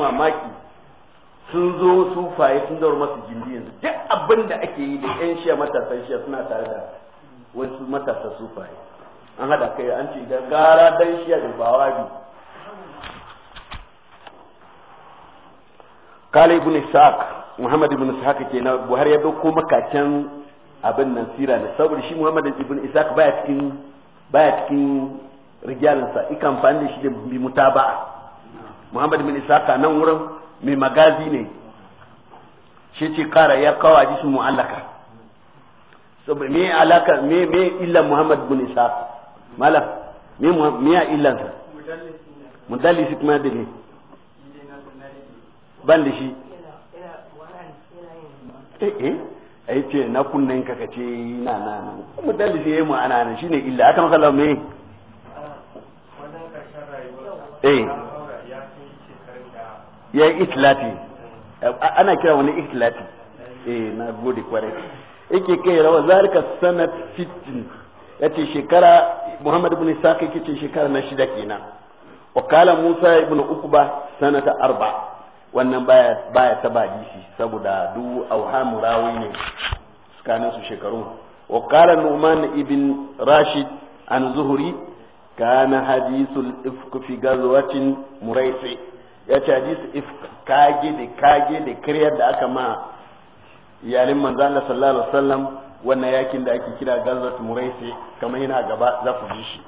mamaki sun zo faye sun zaura masu gindi yanzu duk abin da ake yi da yan shiya matasan shiya suna tare da wasu matasan faye an hada kai an ce da gara dan shiya da bawabi kala ibn ishaq muhammad ibn ishaq na buhari ya dauko makacin abin nan sira da saboda shi muhammad ibn ishaq baya cikin baya cikin rijalansa ikan fani da shi da bi mutaba'a muhammad bin isaka nan wurin mai magazi ne shi ce kara ya kawo hadisi mu'allaka saboda me alaka me me illa muhammad bin isaka malam me me ya illan sa mudallisi kuma da ne ban da shi eh eh ai ce na kunnen ka kace na na na mudallisi yayi mu ana nan shine illa aka maka lamme eh ya yi itilati ana kira wani itilati eh na gode kwarai yake kai rawa zarika sanat fitin ce shekara muhammad ibn isaq yake ce shekara na shida kenan wa kala musa ibn ukba sanata arba wannan baya baya ba dishi saboda du auha murawi ne tsakanin su shekaru wa kala numan ibn rashid an zuhuri kana hadithul ifk fi gazwatin muraisi ya ce hadisi if kage da kage da kiryar da aka ma iyalin manzo Allah sallallahu alaihi wasallam wannan yakin da ake kira gazat muraisi kamar yana gaba za ku ji shi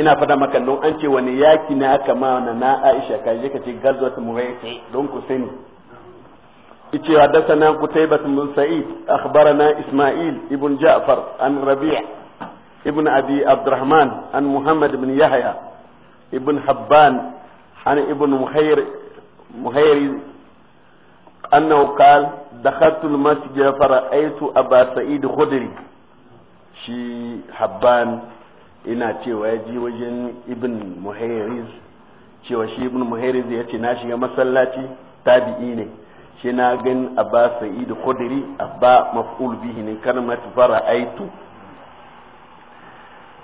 ina fada maka don an ce wani yaki na aka ma na Aisha ka je ka ce muraisi don ku sani ice ku kutaybat mun sa'id akhbarana isma'il ibn ja'far an rabi' ibn abi abdurrahman an muhammad ibn yahya ابن حبان عن ابن مخير مخير أنه قال دخلت المسجد فرأيت aba sa'id خدري shi حبان ina cewa ya ji wajen cewa shi ibn muhayyariz ya ce na shiga masallaci tabi'i ne shi na gan abba sa'id khudri abba maf'ul bihi ne fara aitu.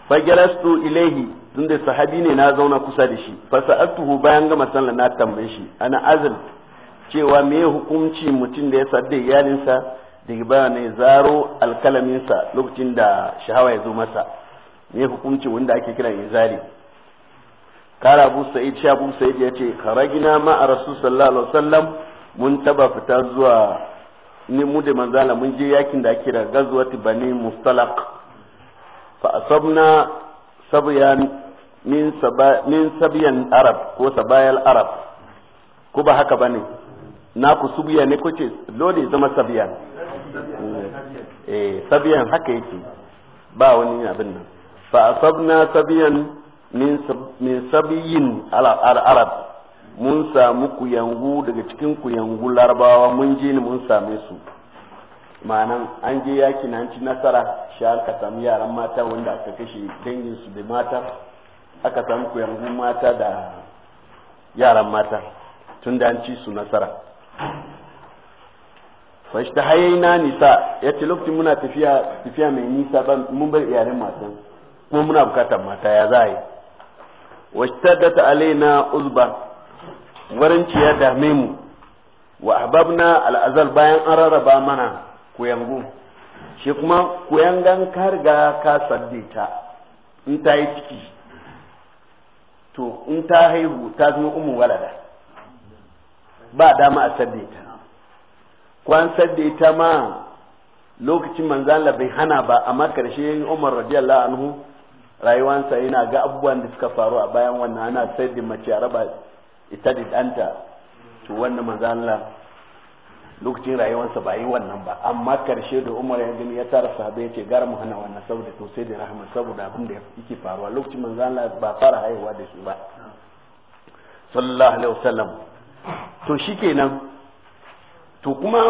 fajalastu ilaihi tunda sahabi ne na zauna kusa da shi fasa'atuhu bayan gama sallah na tambaye shi ana azal cewa me hukunci mutum da ya sadda iyalinsa daga baya ne zaro alkalaminsa lokacin da shahawa ya zo masa me hukunci wanda ake kira izari kara abu sa'id sha abu sa'id ya ce karagina ma a rasul sallallahu alaihi wasallam mun taba fita zuwa ni mu da manzala mun je yakin da ake kira gazwati bani mustalaq sabyan فأصبنا سبيا من سبا من سبيا عرب كو سبايا العرب كو بهكا na ku سبيا ne kuce dole zama sabyan eh, eh sabyan haka yake ba wani abin nan fa asabna sabiyan min min sabiyin al arab mun samu ku yangu daga cikin ku yangu larabawa mun je ne mun same su ma'anan an je yaki na ci nasara shi aka samu yaran mata wanda aka kashe dangin su da mata aka samu yanzu mata da yaran mata tun da an ci su nasara fashi ta na nisa ya ce lokacin muna tafiya tafiya mai nisa ban mun bar iyalin matan kuma muna bukatar mata ya za yi wasu taddata alaina uzba warin ciya dame mu wa ahbabna al'azal bayan an rarraba mana koyango shi kuma koyangan ka riga ka sadde in ta yi ciki to in ta haihu ta zama umu walada ba dama a sadde ta kwan sadde ta ma lokacin manzala bai hana ba amma karshe umar radiyallahu anhu rayuwansa yana ga abubuwan da suka faru a bayan wannan ana sayar mace a raba ita da danta to wannan manzan Allah lokacin rayuwarsa ba yi wannan ba amma karshe da umar ya gani ya tara sahabai ya ce gara mu hana wannan saboda to da rahama saboda abin da yake faruwa lokacin manzo Allah ba fara haihuwa da shi ba sallallahu alaihi wasallam to shikenan to kuma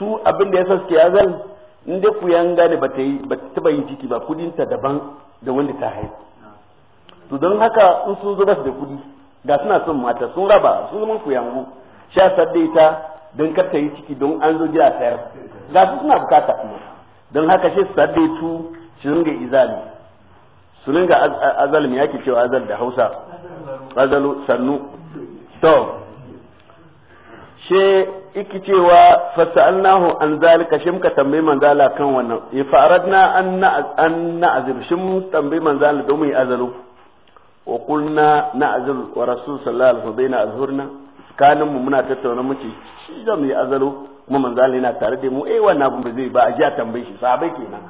su abin da ya sa suke yazan in dai ku gane ba ta yi ba taba yi ciki ba kudin ta daban da wanda ta haihu to don haka in sun zo da kudi ga suna son mata sun raba sun zama ku yango sha sadda ita don kar yi ciki don an zo jira sayar ga su suna bukata kuma don haka shi sadde tu su ringa izali su ringa azal mai yake cewa azal da Hausa azalu sannu to she iki cewa an zalika shi muka tambayi manzala kan wannan Ya fara na an na azir shi mu tambayi manzala domin azalu wa kulna na wa rasul sallallahu alaihi azhurna tsakanin mu muna tattauna muke shi za yi azalo kuma manzali yana tare da mu eh wannan abin ba zai ba a ji a tambaye shi sahabai kenan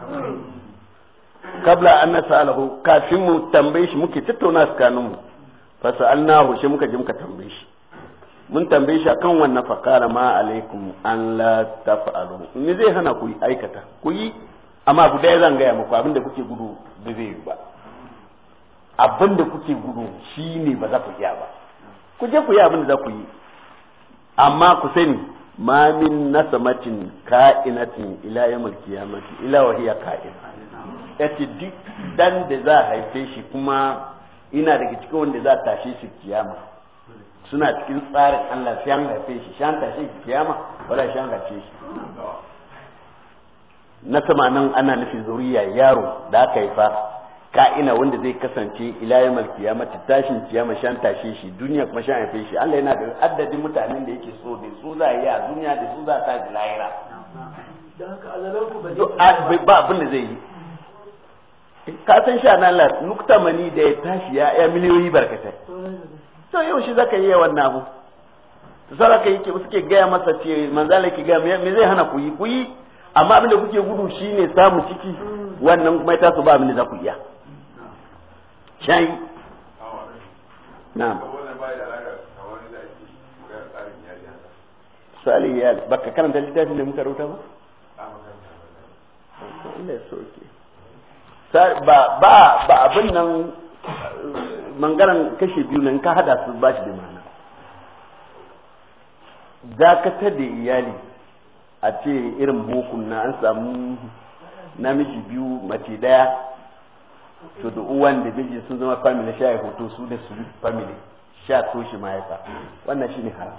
kabla an na nasalahu kafin mu tambaye shi muke tattauna tsakanin mu fa sa'alnahu shi muka je muka tambaye shi mun tambaye shi akan wannan fakara ma alaikum an la taf'alu ni zai hana ku aikata ku yi amma ku dai zan gaya muku abinda kuke gudu ba zai yi ba abinda kuke gudu shine ba za ku iya ba ku je ku yi abin da za ku yi amma ku sani ma min nasamatin ka'inatin ila ya mulki ila wa hiya ka'in yace duk dan da za haife shi kuma ina daga cikin wanda za tashe shi kiyama suna cikin tsarin Allah sai an haife shi shan tashe shi kiyama wala shan haife shi na tsamanin ana nufin zuriya yaro da aka haifa ka'ina wanda zai kasance ila yamal kiyama tashin ciya mashan tashe shi duniya kuma shan haife shi Allah yana da addadin mutanen da yake so da su za yi a duniya da su za ta ji lahira ba abin da zai yi ka san sha na lar nukta mani da ya tashi ya ya miliyoyi barkatai to yau shi zaka yi wannan abu saraka yake suke gaya masa ce manzala ki gaya me zai hana ku yi ku yi amma abin da kuke gudu shine samu ciki hmm. wannan kuma ta su ba abin da za ku iya shayi na'am sali ya baka karanta littafin da muka rubuta ba Allah ba ba ba abin nan mangaran kashe biyu nan ka hada su ba shi da mana dakatar da iyali a ce irin bokun na an samu namiji biyu mace daya to da uwan da miji sun zama family sha ya hoto su da su family sha toshe mahaifa wannan shine haram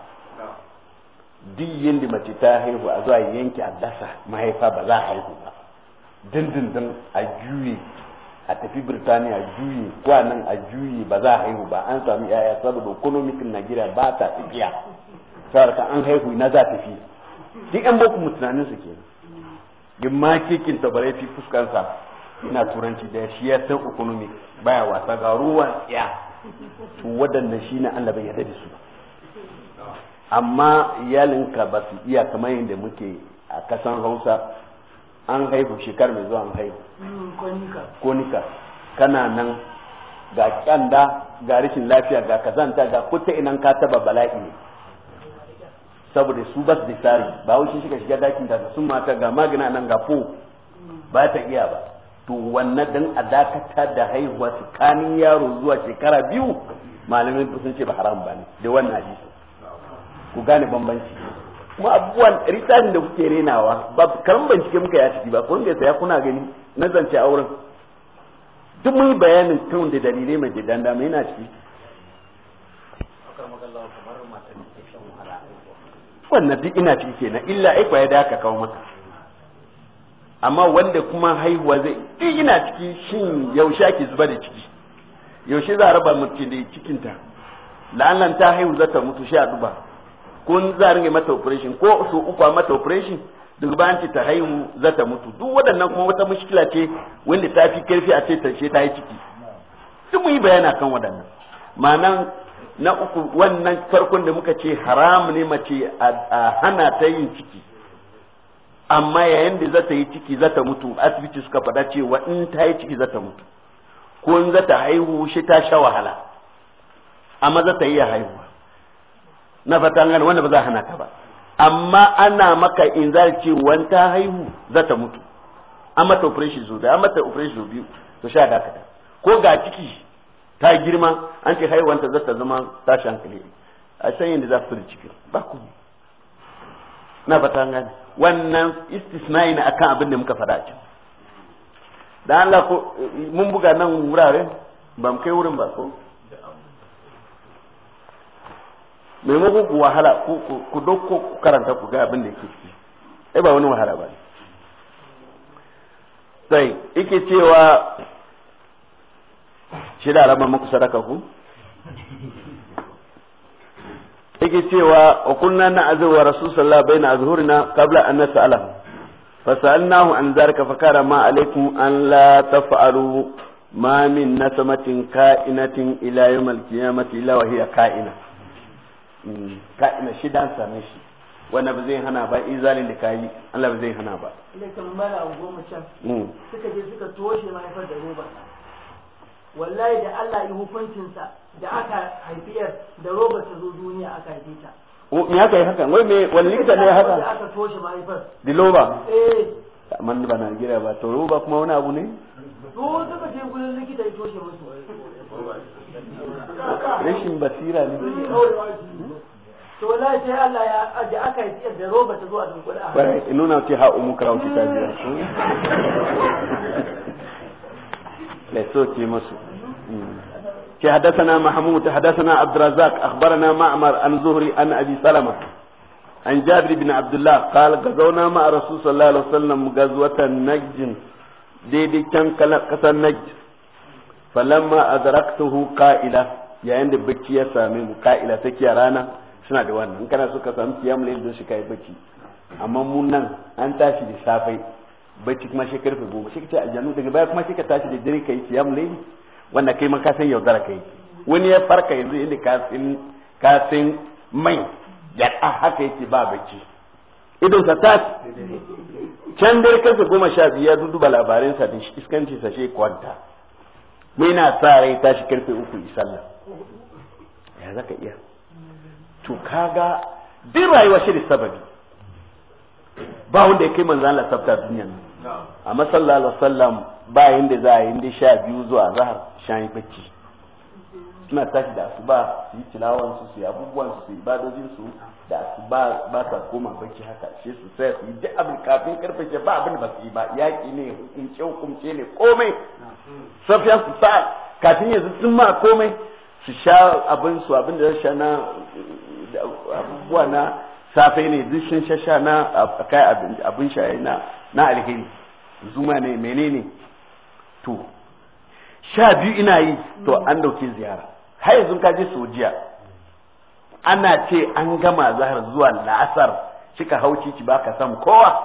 duk yadda mace ta haihu a zuwa yanke addasa mahaifa ba za a haihu ba dindindin a juye a tafi birtaniya juye kwanan a juye ba za a haihu ba an sami yaya saboda economic nigeria ba ta tafiya ka an haihu na za tafi duk yan boko mu tunanin su kenan gimma kekin tabarai fi fuskansa ina turanci da shi ya san baya wasa ga ruwan ya to wadannan shi ne Allah bai yarda da su amma iyalinka ba su iya kamar yadda muke a kasan Hausa an haihu shekar mai zuwa an haihu mm, konika kana nan ga kyanda ga rikin lafiya ga kazanta ga kuta inan ka taba bala'i ne saboda su ba su da tsari ba wuce shiga shiga dakin da sun mata ga magana nan ga po ba ta iya ba to wannan dan a dakata da haihuwa tsakanin yaro zuwa shekara biyu malamin sun ce ba haram ba ne da wannan hadisi ku gane bambanci kuma abubuwan risali da kuke renawa ba karan bincike muka ya ciki ba ko ga saya kuna gani na zance auren duk mun bayanin kan da dalilai mai gidan dama yana ciki wannan duk ina ciki kenan illa ai ya da aka kawo maka amma wanda kuma haihuwa zai yi ina ciki shin yaushe ake zuba da ciki yaushe za a raba mace da cikinta la'allan ta haihu za ta mutu sha duba ko za a ringa mata operation ko su uku a mata operation duk bayan ta haihu za ta mutu duk waɗannan kuma wata mushkila ce wanda ta fi karfi a ce tarshe ta yi ciki duk mu yi bayana kan waɗannan ma'anan na uku wannan farkon da muka ce haram ne mace a hana ta yin ciki amma yayin da zata yi ciki zata mutu asibiti suka faɗa cewa in ta yi ciki zata mutu ko in zata haihu shi ta sha wahala amma zata iya haihuwa na fatan gane wanda ba za hana ka ba amma ana maka in za cewa ta haihu zata mutu amma ta operation zo da amma ta operation zo biyu to sha dakata ko ga ciki ta girma an ce haihuwanta zata zama tashi hankali a san yadda za su da ciki. ba ku na fata gane wannan istisna'i ne akan abin da muka faɗa can da Allah ko mun buga nan wurare ba mu kai wurin ba ko maimakon ku wahala ku dokko ku karanta ku ga abin da yake ciki ai ba wani wahala ba sai yake cewa shi da raba muku sadaka ku yake cewa wa kunna na azu wa rasul sallallahu baina azhurina qabla an nas'ala sa'alnahu an zalika kara ma alaikum an la taf'alu ma min nasmatin ka'inatin ila yawm al-qiyamati illa wa hiya ka'ina hmm, ka'ina shi dan same shi wanda ba zai hana ba izalin da kayi Allah ba zai hana ba ina tambara a goma can hmm. suka je suka toshe mahaifar da roba wallahi da Allah ya hukuncinsa da aka haifiyar da robar ta zo duniya aka haife ta me haka yi hakan wai me Wani ta ne haka da aka toshe mahaifar Loba? eh man ba Najeriya ba to roba kuma wani abu ne to suka je gurin likita ya toshe musu rashin basira ne to wallahi sai Allah ya aje aka yi tsiyar da roba ta zo a dunkule a bare in nuna ce ha umu karau ki ta eh. biya so ce masu. ce haddasana mahmud haddasana abdurrazzaq akhbarana ma'mar an zuhri an abi salama an jabir bin abdullah qala gazawna ma rasul sallallahu alaihi wasallam gazwatan najd daidai can kasar najd falamma adraktuhu qa'ila ya same mu qa'ila take rana suna da wannan in kana so ka samu kiyam kai bacci amma mun nan an tashi da kuma daga baya kuma tashi wanda kai ma ka san yaudara kai wani ya farka yanzu inda ka san mai ya haka yake ba bacci idan sa ta can dai kasa goma sha biyu ya duduba labarin sa da iskanci sa shi kwanta mai na sa rai tashi karfe uku isalla ya zaka iya to kaga duk rayuwa shi da sababi ba wanda ya kai manzan lasafta duniya a amma sallam alaihi wasallam ba za a yi sha biyu zuwa zahar shan yi bacci suna tashi da ba su yi tilawan su su yi abubuwan su su yi ibadojin su da su ba ta koma bacci haka shi su sai su yi duk abin kafin karfe ce ba abin ba su yi ba yaƙi ne hukunce hukunce ne komai safiya su sa kafin yanzu sun ma komai su sha abin su abin da sha na abubuwa na safe ne duk sun sha sha na kai abin shaye na na alheri zuma ne menene to sha biyu ina yi to mm. an dauke ziyara har yanzu ka je sojiya ana ce an gama zahar zuwa la'asar cika hauci ki baka sam kowa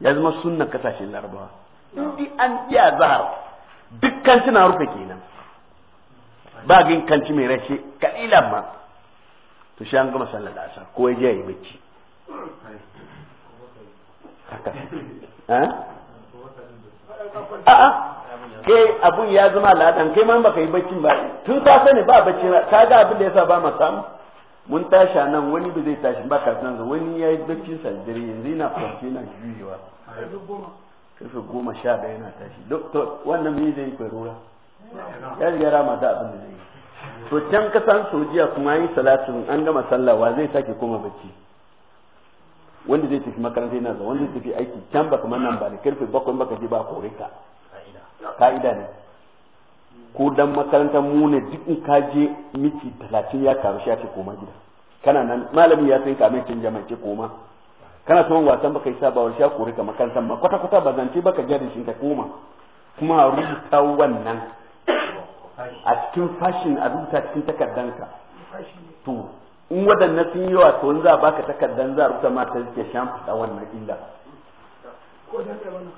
ya zama sunnan kasashen larabawa indi an iya zahar dukkan suna rufe kenan ba gin kanci mai rashe kalilan ma to shi an gama sallar la'asar ko ya je ya yi bacci ke abun ya zama ladan kai ma baka yi baccin ba tun ta sani ba bacci ka ga abin da yasa ba ma samu mun tashi nan wani ba zai tashi ba ka san wani ya yi baccin sa dare yanzu yana kwanci yana juyewa karfe goma sha ɗaya yana tashi doktor wannan me zai yi kwarura ya riga rama da abin da zai yi to can san sojiya kuma yi salatu an gama sallah wa zai sake koma bacci wanda zai tafi makaranta yana zuwa wanda zai tafi aiki can ba kamar nan ba da karfe bakwai baka je ba kore ka ka'ida ne ko dan makarantar mu ne duk in ka je miki talatin ya karu shi ya ce koma gida kana nan malami ya san kamin cin jama'a ce koma kana son wasan baka yi ba shi ya kore ka makarantar ma kwata kwata ba zance baka gyara shi ka koma kuma a rubuta wannan a cikin fashin a rubuta cikin takardanka to in waɗannan sun yi wa tsohon za a baka takardan za a rubuta ma ta shan fita wannan illa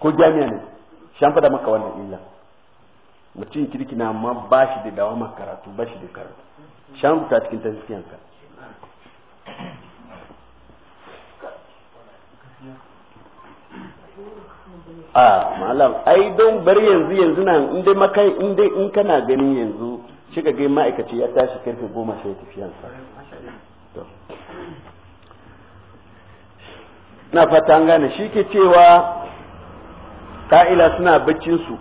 ko jami'a ne shan fada maka wannan illa mutum kirki na amma ba shi da dawama karatu ba shi da karatu shan ta cikin tafiyanka a malam ai don bari yanzu yanzu nan in dai makai in dai in kana ganin yanzu shi ga ma'aikaci ya tashi karfe goma sai tafiyansa na fata an gane shi ke cewa ka'ila suna baccin su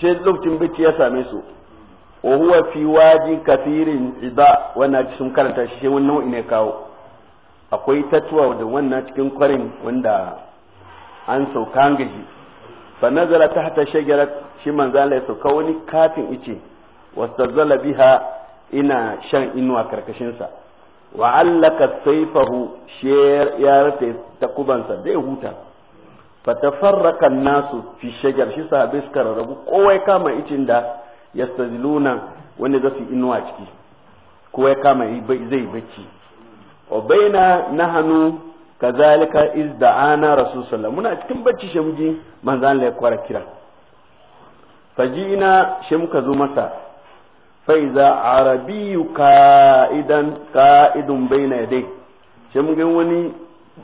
shi lokacin bacci ya same su wa huwa fi waji kafirin ida wannan sun karanta shi wani nau'i ne kawo akwai tatuwa da wannan cikin kwarin wanda an sauka gaji fa nazara tahta shajarat shi manzo Allah ya sauka wani katin ice wastazala biha ina shan inuwa karkashin sa wa allaka sayfahu shi ya rufe takubansa zai huta fatafarraka nasu fi shajar shi sahabai suka rarrabu kowa kama icin da yastaziluna wani za su inuwa ciki kowa ya kama zai bacci obaina nahanu kazalika iz da rasul sallallahu muna cikin bacci shamji manzo Allah ya kwara kira fajina shi muka zo masa faiza arabiyu ka'idan ka'idun baina yadai shi mun ga wani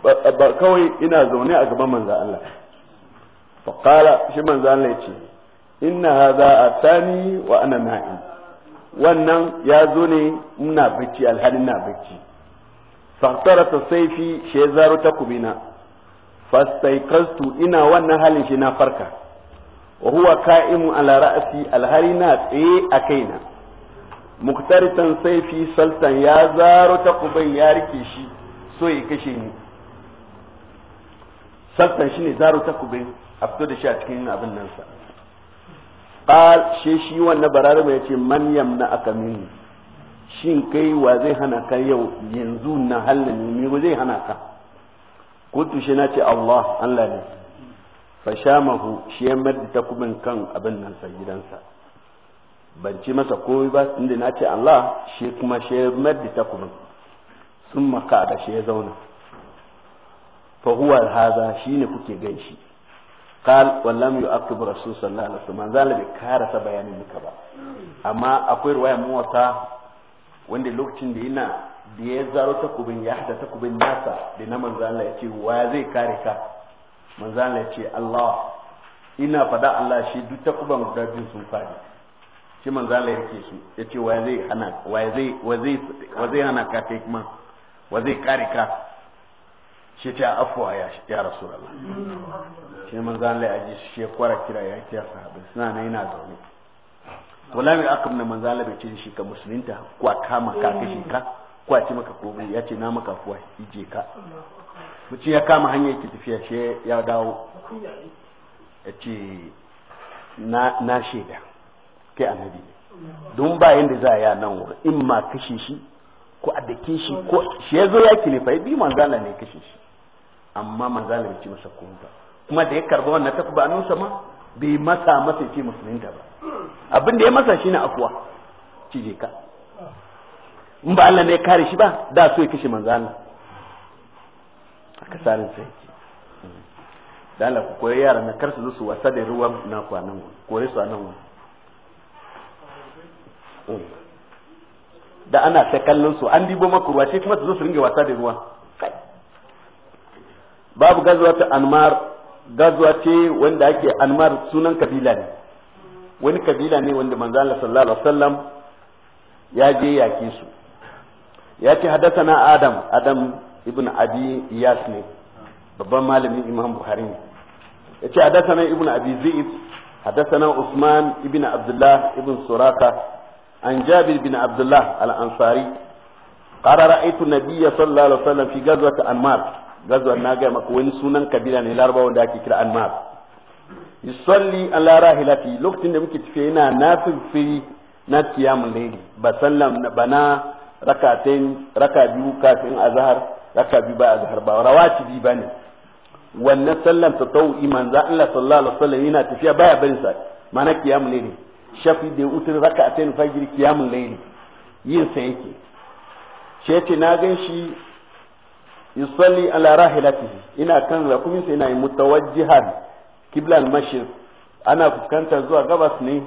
ba kawai ina zaune a gaban manzo Allah fa qala shi manzo Allah yace inna hadha atani wa ana na'im wannan ya zo ne ina bacci alhalin na bacci fahtara ta saifi shi zaro ta kubina fastaikastu ina wannan halin shi na farka wa huwa ka'imu ala ra'si alhari na tsaye a kaina muktaritan saifi saltan ya zaro ta kubai ya rike shi so ya kashe ni shi ne zaro takubin a fito da shi a cikin abin nan sa qal shi shi wannan bararama yace man yamna aka mini shin kai wa zai hana ka yau yanzu na halin ne me zai hana ka kuntu shi nace Allah Allah ne shamahu shi ya madda takubin kan abin nan sa gidansa ban ci masa komai ba inda nace Allah shi kuma shi ya takubin sun maka da shi ya zauna fa huwa haza shine kuke ganshi qal wallam yu'aqib rasul sallallahu alaihi wasallam zalla bai karasa bayanin duka ba amma akwai ruwaya muwata wanda lokacin da yana da ya zaro takubin ya hada takubin nasa da na manzo Allah ya wa zai kare ka manzo Allah ya ce Allah ina fada Allah shi duk takuban guda biyu sun fadi shi manzo Allah ya ce su ya wa zai hana wa zai wa zai wa zai hana ka kai kuma wa zai kare ka shi ta afuwa ya ya rasulullah shi manzo Allah ya ji shi kwara kira ya kira sahabbai suna nan yana zaune to lami aka na manzo Allah bai ce shi ka musulunta ko a kama ka kashe ka ko a ci maka komai ya ce na maka afuwa ije ka mutum ya kama hanyar ki tafiya shi ya dawo ya ce na na shaida kai annabi ne don ba yanda za a yi nan wurin in ma kashe shi ko a dake shi ko shi ya zo yaki ne fa bi manzala ne kashe shi amma manzala bai ce masa komai ba kuma da ya karba wannan takuba a nusa ma bai masa masa ce musulunta ba abin da ya masa shine akuwa cije ka in ba Allah ne ya kare shi ba da so ya kashe manzala aka sarin sai da Allah ku koyi yara na karsu su wasa da ruwan na kwanan kore su a nan eh. da ana ta kallon su an dibo maka ruwa sai kuma su zo su ringa wasa da ruwa babu gazwatu anmar gazwa ce wanda ake anmar sunan kabila ne wani kabila ne wanda manzo Allah sallallahu alaihi wasallam ya je yake su ya ce haddathana adam adam ibn abi iyas ne babban malamin imam bukhari ne ya ce haddathana ibn abi zaid haddathana usman ibn abdullah ibn suraka an jabir bin abdullah al-ansari قال رأيت النبي صلى الله عليه وسلم في غزوة أنمار gazuwan na gaya maka wani sunan kabila ne larabawa wanda ake kira anmar yusalli ala rahilati lokacin da muke tafiya yana nafifiri na qiyamul layli ba sallam ba na rakatain raka biyu kafin azhar raka biyu ba azhar ba rawati bi bane wannan sallan iman za Allah sallallahu alaihi wasallam yana tafiya baya barin sa mana qiyamul layli shafi da utur rakatain fajr kiyamun layli yin sa yake shi ce na gan shi yusalli ala rahilatihi ina kan rakumin sa ina yi mutawajjihan kiblan mashir ana fuskantar zuwa gabas ne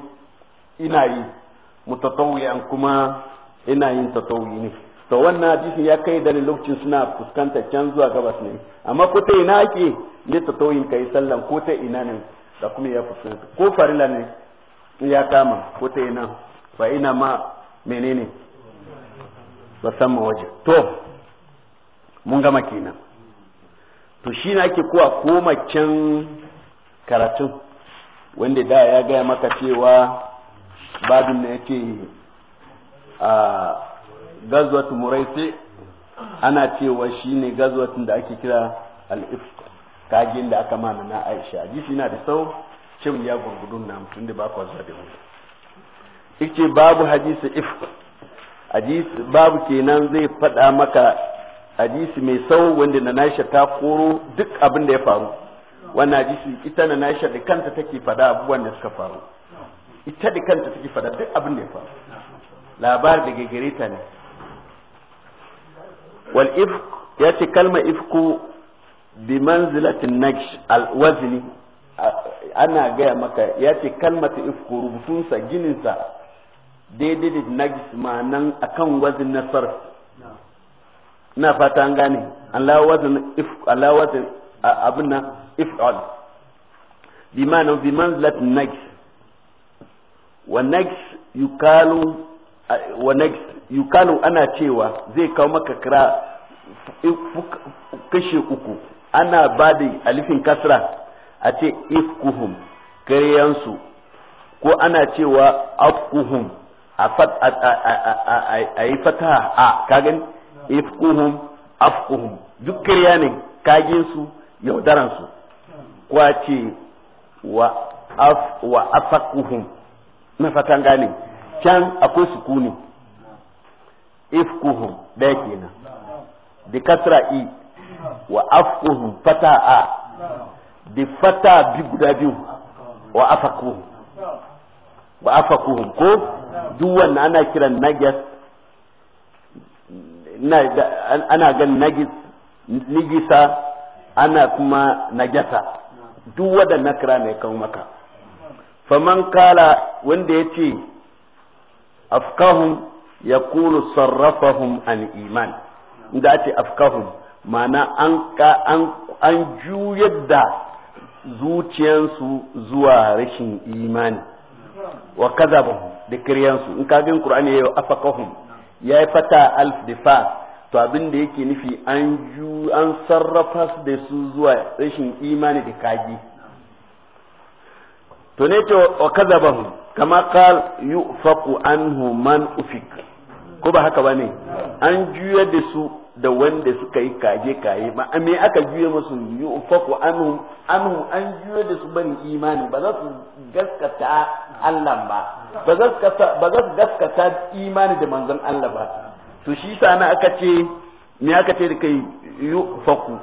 ina yi mutatawiyan kuma ina yin tatawi ne to wannan hadisin ya kai da lokacin suna fuskantar can zuwa gabas ne amma ko ta ina ake ne tatawiyin kai sallan ko ta ina ne da kuma ya fuskanta ko farila ne ya kama ko ta ina fa ina ma menene waje to mun gama kenan to shi na ake kuwa koma can karatun wanda da ya gaya maka cewa babin na yake a gazwatu muraisi ana cewa shi ne gazwatin da ake kira al'if kagin da aka mana na aisha shi na da sau cewa ya gurgudun na mutum da bakwa zuwa da mutum ike babu hadisi if hadisi babu kenan zai faɗa maka hadisi mai sau wanda na nasha ta koro duk abin da ya faru wannan hadisi ita na nasha da kanta take fada abubuwan da suka faru ita da kanta take fada duk abin da ya faru labar da gagare ta ne wal ifk ya ce kalma ifku bi manzilatin naqsh al wazni ana gaya maka ya ce kalmata ifku rubutunsa gininsa daidai da naqsh ma'anan akan wazin na sarfi ina fata an gane Allah wazan if Allah wazan abin nan if'al bi ma'ana bi manzilat najs wa najs yukalu wa najs yukalu ana cewa zai kawo maka kira kashe uku ana ba da alifin kasra a ce if ifkuhum karyansu ko ana cewa afkuhum a yi fataha a kagan ifkuhum afkuhum duk ƙarya ne kagin su yaudaran su kwace wa af wa afakuhum na fatan gane can akwai sukuni ifkuhum ɗaya kenan da kasra i wa afkuhum fata a da fata bi guda biyu wa afakuhum wa afakuhum ko duk wannan ana kiran nagas ana gan nigisa ana kuma najasa duk waɗannan kira mai kawo maka faman kala wanda ya ce afkahun ya kulu sarrafahum an iman da ce afkahun mana an juyar da zuciyansu zuwa rashin imani wa kazabahum da kiryansu in kagin qur'ani yayi afakahum ya yi fata alf da fa to abin da yake nufi an ju an sarrafa da su zuwa rashin imani da kagi to ne ce wa kazabahu kama qal yufaqu anhu man ufik ko ba haka bane an juya da su da wanda suka yi kaje kaye ma me aka juya musu yufaqu anhum anhum an juya da su bari imani ba za su gaskata Allah ba ba za su gaskata imani da manzon Allah ba to shi na aka ce me aka ce da kai an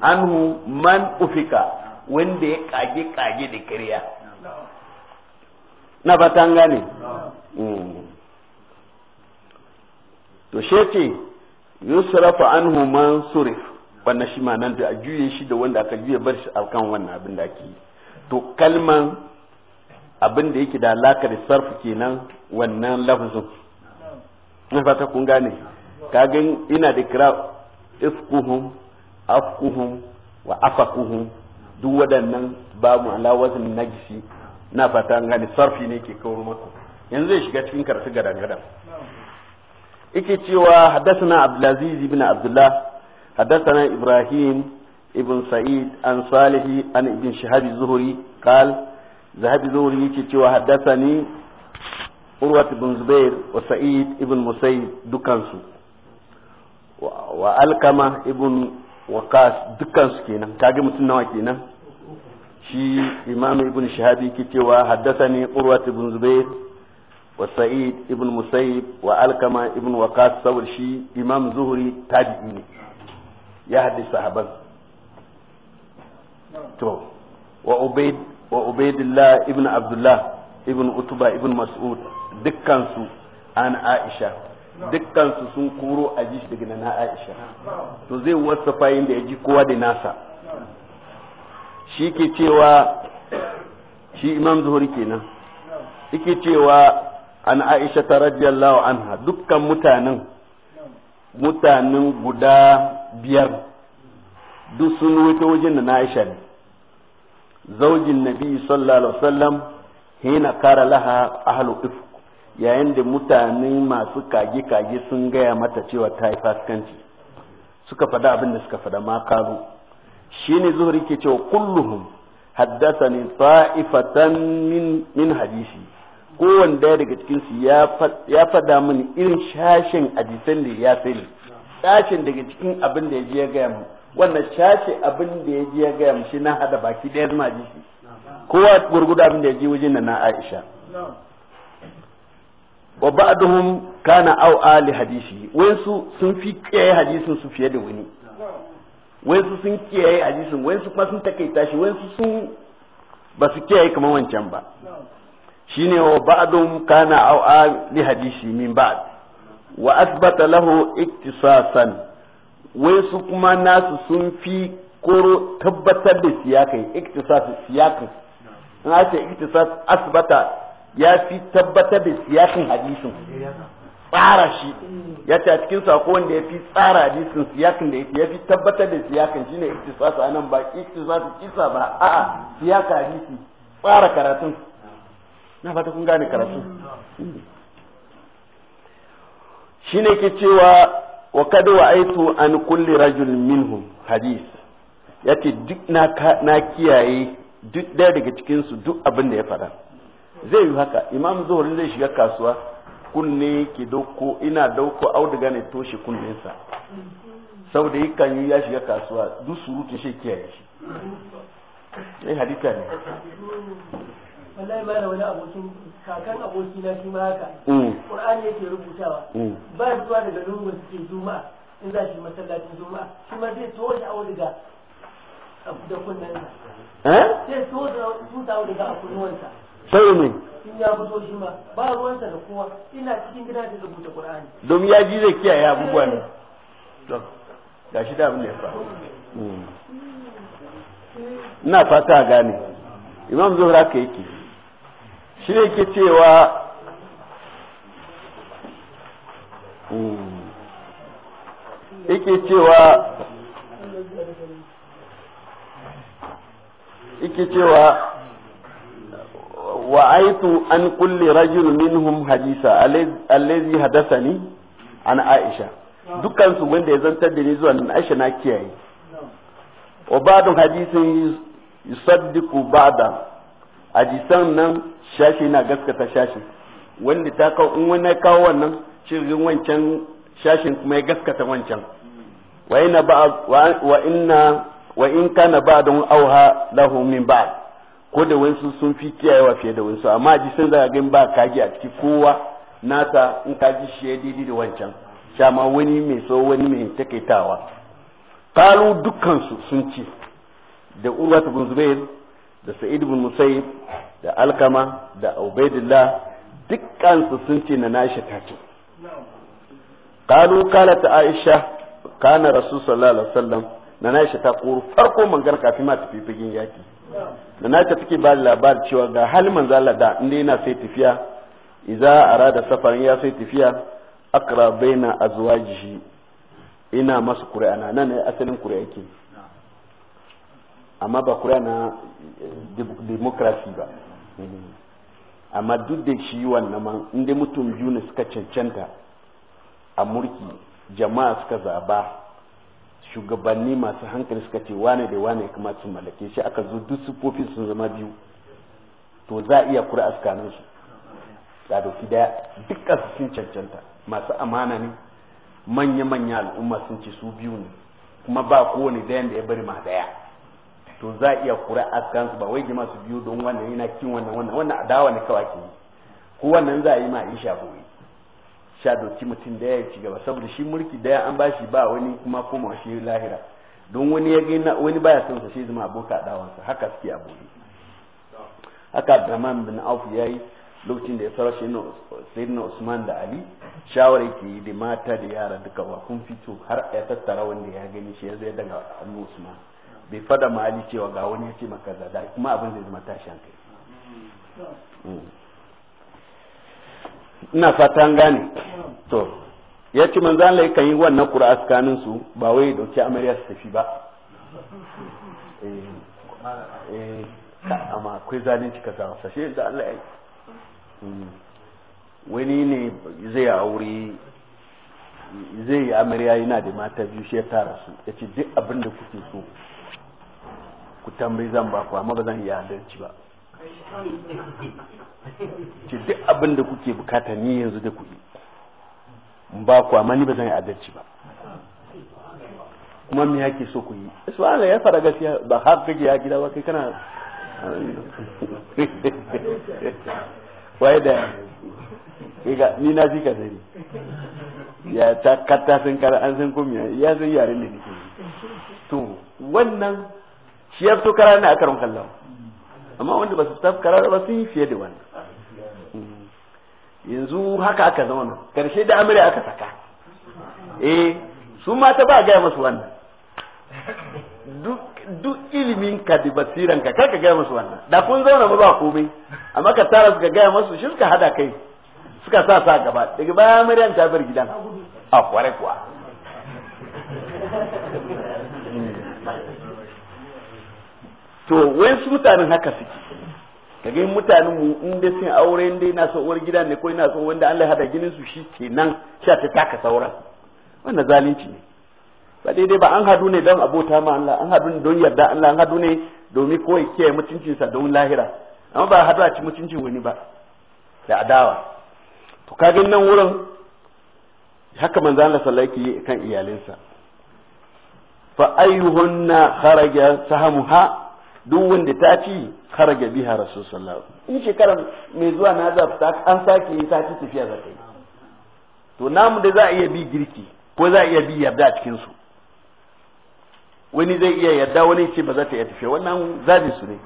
anhu man ufika wanda ya kage kage da kariya na ba ta gane mm. to she ce yusrafa anhu man surif wannan shi ma nan da a juye shi da wanda aka juye bar shi alkan wannan abin da ake to kalman abin da yake da da sarf kenan wannan lafzin na fata kun gane ga ina da kira ifkuhum afkuhum wa afakuhum duk waɗannan babu alawazin najisi na fata an gane sarfi ne ke kawo maka yanzu zai shiga cikin karatu gadan gadan yake cewa haddathana abdulaziz ibn abdullah haddathana ibrahim ibn sa'id an salihi an ibn shihab zuhri qala zahabi zuhri yake cewa haddasani urwat ibn zubair wa sa'id ibn musayyib dukansu wa alkama ibn waqas dukansu kenan kage mutum nawa kenan shi imam ibn shahabi yake cewa haddasani urwat ibn wa sa'id ibn musayyib wa alkama ibn waqas saboda shi imam zuhri tabi'i ne ya hadisi sahaban to wa ubaid wa ubaidillah ibn abdullah ibn utuba ibn mas'ud dukkansu an aisha dukkansu sun koro a ji daga na aisha to zai wasa fayin da ya kowa da nasa shi ke cewa shi imam zuhuri kenan yake cewa an aisha ta radiyallahu anha dukkan mutanen mutanen guda biyar duk sun wuce wajen da na aisha ne zaujin nabi sallallahu alaihi wasallam hina kara laha ahlu ifk yayin da mutane masu kage kage sun gaya mata cewa ta yi fasikanci suka fada abin da suka fada ma kalu shine zuhri ke cewa kulluhum haddathani ta'ifatan min min hadisi kowanne daya daga cikin ya fada mini irin sashen hadisan da ya sani sashin daga cikin abin da ya gaya mu wannan cace abin da ya ji ya gaya mushi na hada baki ɗaya zama ji shi kowa gurguda abin da ya ji wajen na Aisha wa ba'dhum kana au ali hadisi wayansu sun fi kiyaye hadisin su fiye da wani wayansu sun kiyaye hadisin wayansu kuma sun takaita shi wayansu sun ba su kiyaye kamar wancan ba shine wa ba'dhum kana au ali hadisi min ba'd wa asbata lahu iktisasan wai su kuma nasu sun fi koro tabbatar da siyakai iktisas siyakin na ce iktisas asbata ya fi tabbatar da siyakin hadisin tsara shi ya ce a cikin sako wanda ya fi tsara hadisin siyakin da ya fi tabbatar da siyakin shine iktisas a nan ba iktisas kisa ba a'a siyaka hadisi tsara karatun na fata kun gane karatun shine ke cewa wa kad aitu an kulli rajul minhum hadis yace duk na na kiyaye duk daya daga cikin su duk abin da ya fara zai yi haka imam zuhri zai shiga kasuwa kunne ki dauko ina dauko auduga ne toshe sa saboda yakan yi ya shiga kasuwa duk surutun shi kiyaye shi eh hadita ne wallahi ma wani abokin kakan aboki na shi ma haka mm. qur'ani yake rubutawa mm. ba zuwa daga lungun suke juma'a in za shi masallacin juma'a shi ma zai to da awo daga da kunnen sa eh? zai to da tuta daga kunnuwansa sai ne in ya fito shi ma ba ruwansa da kowa ina cikin gida da rubuta qur'ani domin ya ji zai kiyaye abubuwa ne to gashi da abin da ya faru mm. ina fata gane imam zuhra ka yake shi ne ke cewa hmm. yake cewa yake cewa wa'aitu an kulli rajul minhum hadisa allazi hadathani an aisha dukkan su wanda ya zantar da ni zuwa nan aisha na kiyaye wa ba'dun hadisin yusaddiqu ba'da hadisan nan shashi na gaskata shashi wanda ta kawo in wani kawo wannan cikin wancan shashin kuma ya gaskata wancan wa inna wa in kana ba'dun auha lahu min ko da wansu sun fi kiyayewa fiye da wansu amma ji sun zaga gani ba kaji a ciki kowa nasa in kaji shi ya didi da wancan shama wani mai so wani mai takaitawa kalu dukkansu sun ci da urwatu bin zubair da sa'id ibn musayyib da alkama da ubaidillah dukkansu sun ce na nashi tace. qalu qalat aisha kana rasul sallallahu alaihi wasallam na nashi ta kuru farko mangar kafin ma tafi yaki na nashi take ba labarin cewa ga halin manzo Allah da inda yana sai tafiya idza arada safar, ya sai tafiya akra baina azwajihi ina masu qur'ana nan ne asalin qur'ani amma ba kura na eh, demokrasi ba amma duk da shi wannan man inda mutum biyu ne suka cancanta a mulki jama'a suka zaba shugabanni masu hankali suka ce wane da wane kuma su mallake shi aka zo duk sufofin sun zama biyu to za a iya kura a su da doki daya su cancanta masu amana ne manya-manya al'umma sun ce su biyu ne kuma ba kowane dayan da ya bari ma daya to za a iya kura askan su ba wai jima su biyu don wannan yana kin wannan wannan wannan adawa ne kawai ke yi ko wannan za a yi ma Aisha boye sha doki mutum da ya ci gaba saboda shi mulki daya an bashi ba wani kuma kuma shi lahira don wani ya gina wani baya son sa shi zama aboka sa haka suke aboye haka Abdurrahman bin Auf yayi lokacin da ya fara shi sayyidina Usman da Ali shawara yake yi da mata da yara duka wa kun fito har ya tattara wanda ya gani shi ya zai daga Usman bai fada mali cewa ga wani ya ce maka da kuma abin zai zama tashin kai ina fata an gane to ya ce manzo Allah kan yi wannan qur'a tsakanin su ba wai ya dauki amarya su tafi ba eh eh amma akwai zalunci ka sa sashe da Allah ya yi hmm. wani ne zai aure zai yi amarya yana da mata biyu shi ya tara su ya ce duk abin da kuke so ku tambayi zan ba ku amma ba zan iya adalci ba ce duk abin da kuke bukata ni yanzu da kuɗi in ba ku amma ni ba zan yi adalci ba kuma me yake so ku yi eh, subhana ya fara gaskiya ba har kake ya gida ba kai kana waye da ga ni na ji ka sani ya ta katta sun kara an san komi ya san yare ne nake to wannan shi ya fito karar ne a karin kallon amma wanda ba su fita karar ba sun yi fiye da wannan mm. yanzu haka aka zama zauna karshe da amurya aka saka eh su mata ba gaya masu wannan duk ilimin ka da basiran ka kai ka gaya masu wannan da kun zauna ba ba komai amma ka tara suka gaya masu shi suka hada kai suka sa sa gaba daga baya amaryan ta bar gidan a kware kuwa to su mutanen haka suke kage mutanen mu in dai sun aure in dai na so uwar gida ne ko ina so wanda Allah ya hada ginin su shi kenan sha ta taka sauran wannan zalunci ne ba daidai ba an hadu ne don abota ma Allah an hadu ne don yarda Allah an hadu ne domin kawai kiyaye sa don lahira amma ba hadu a ci mutuncin wani ba da adawa to ka gani nan wurin haka manzo Allah sallallahu alaihi kan iyalinsa fa ayyuhunna kharaja sahamuha duk wanda ta ci kharaja biha rasul sallallahu in shekara mai zuwa na za ta an sake yi ta ci tafiya za ta yi to namu da za a iya bi girki ko za a iya bi yarda a cikin su wani zai iya yarda wani ce ba za ta iya tafiya wannan zabi su ne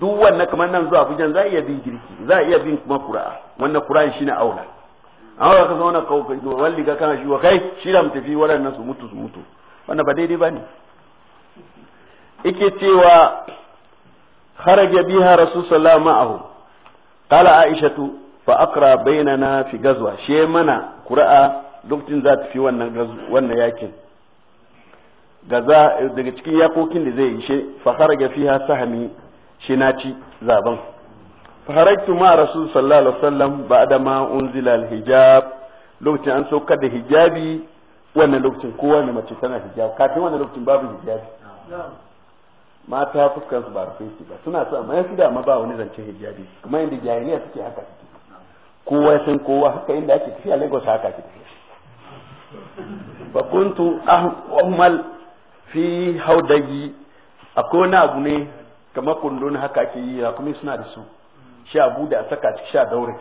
duk wannan kamar nan zuwa abuja za a iya bi girki za a iya bin kuma qur'a wannan qur'an shine aula An ba ka zauna ka walli ga kana shi wa kai shi da mu tafi waɗannan su mutu su mutu wannan ba daidai ba ne yake cewa kharaja biha rasul sallallahu ma'ahu qala aishatu fa aqra bainana fi gazwa she mana qura'a lokacin za ta fi wannan wannan yakin gaza daga cikin yakokin da zai yi she fa kharaja fiha sahmi shi na ci zaben fa harajtu ma rasul sallallahu alaihi wasallam ba'da ma unzila al-hijab lokacin an sauka da hijabi wannan lokacin kowa ne mace tana hijab kafin wannan lokacin babu hijabi mata fuskan ba rufin su ba suna sa amma su da ba wani zancen hijabi kuma inda jahiliya suke haka suke kowa ya san kowa haka inda ake tafiya Lagos haka ake tafiya fa kuntu ahmal fi haudayi akwai wani abu ne kamar kundun haka ke yi kuma suna da su sha bude a saka ciki sha daure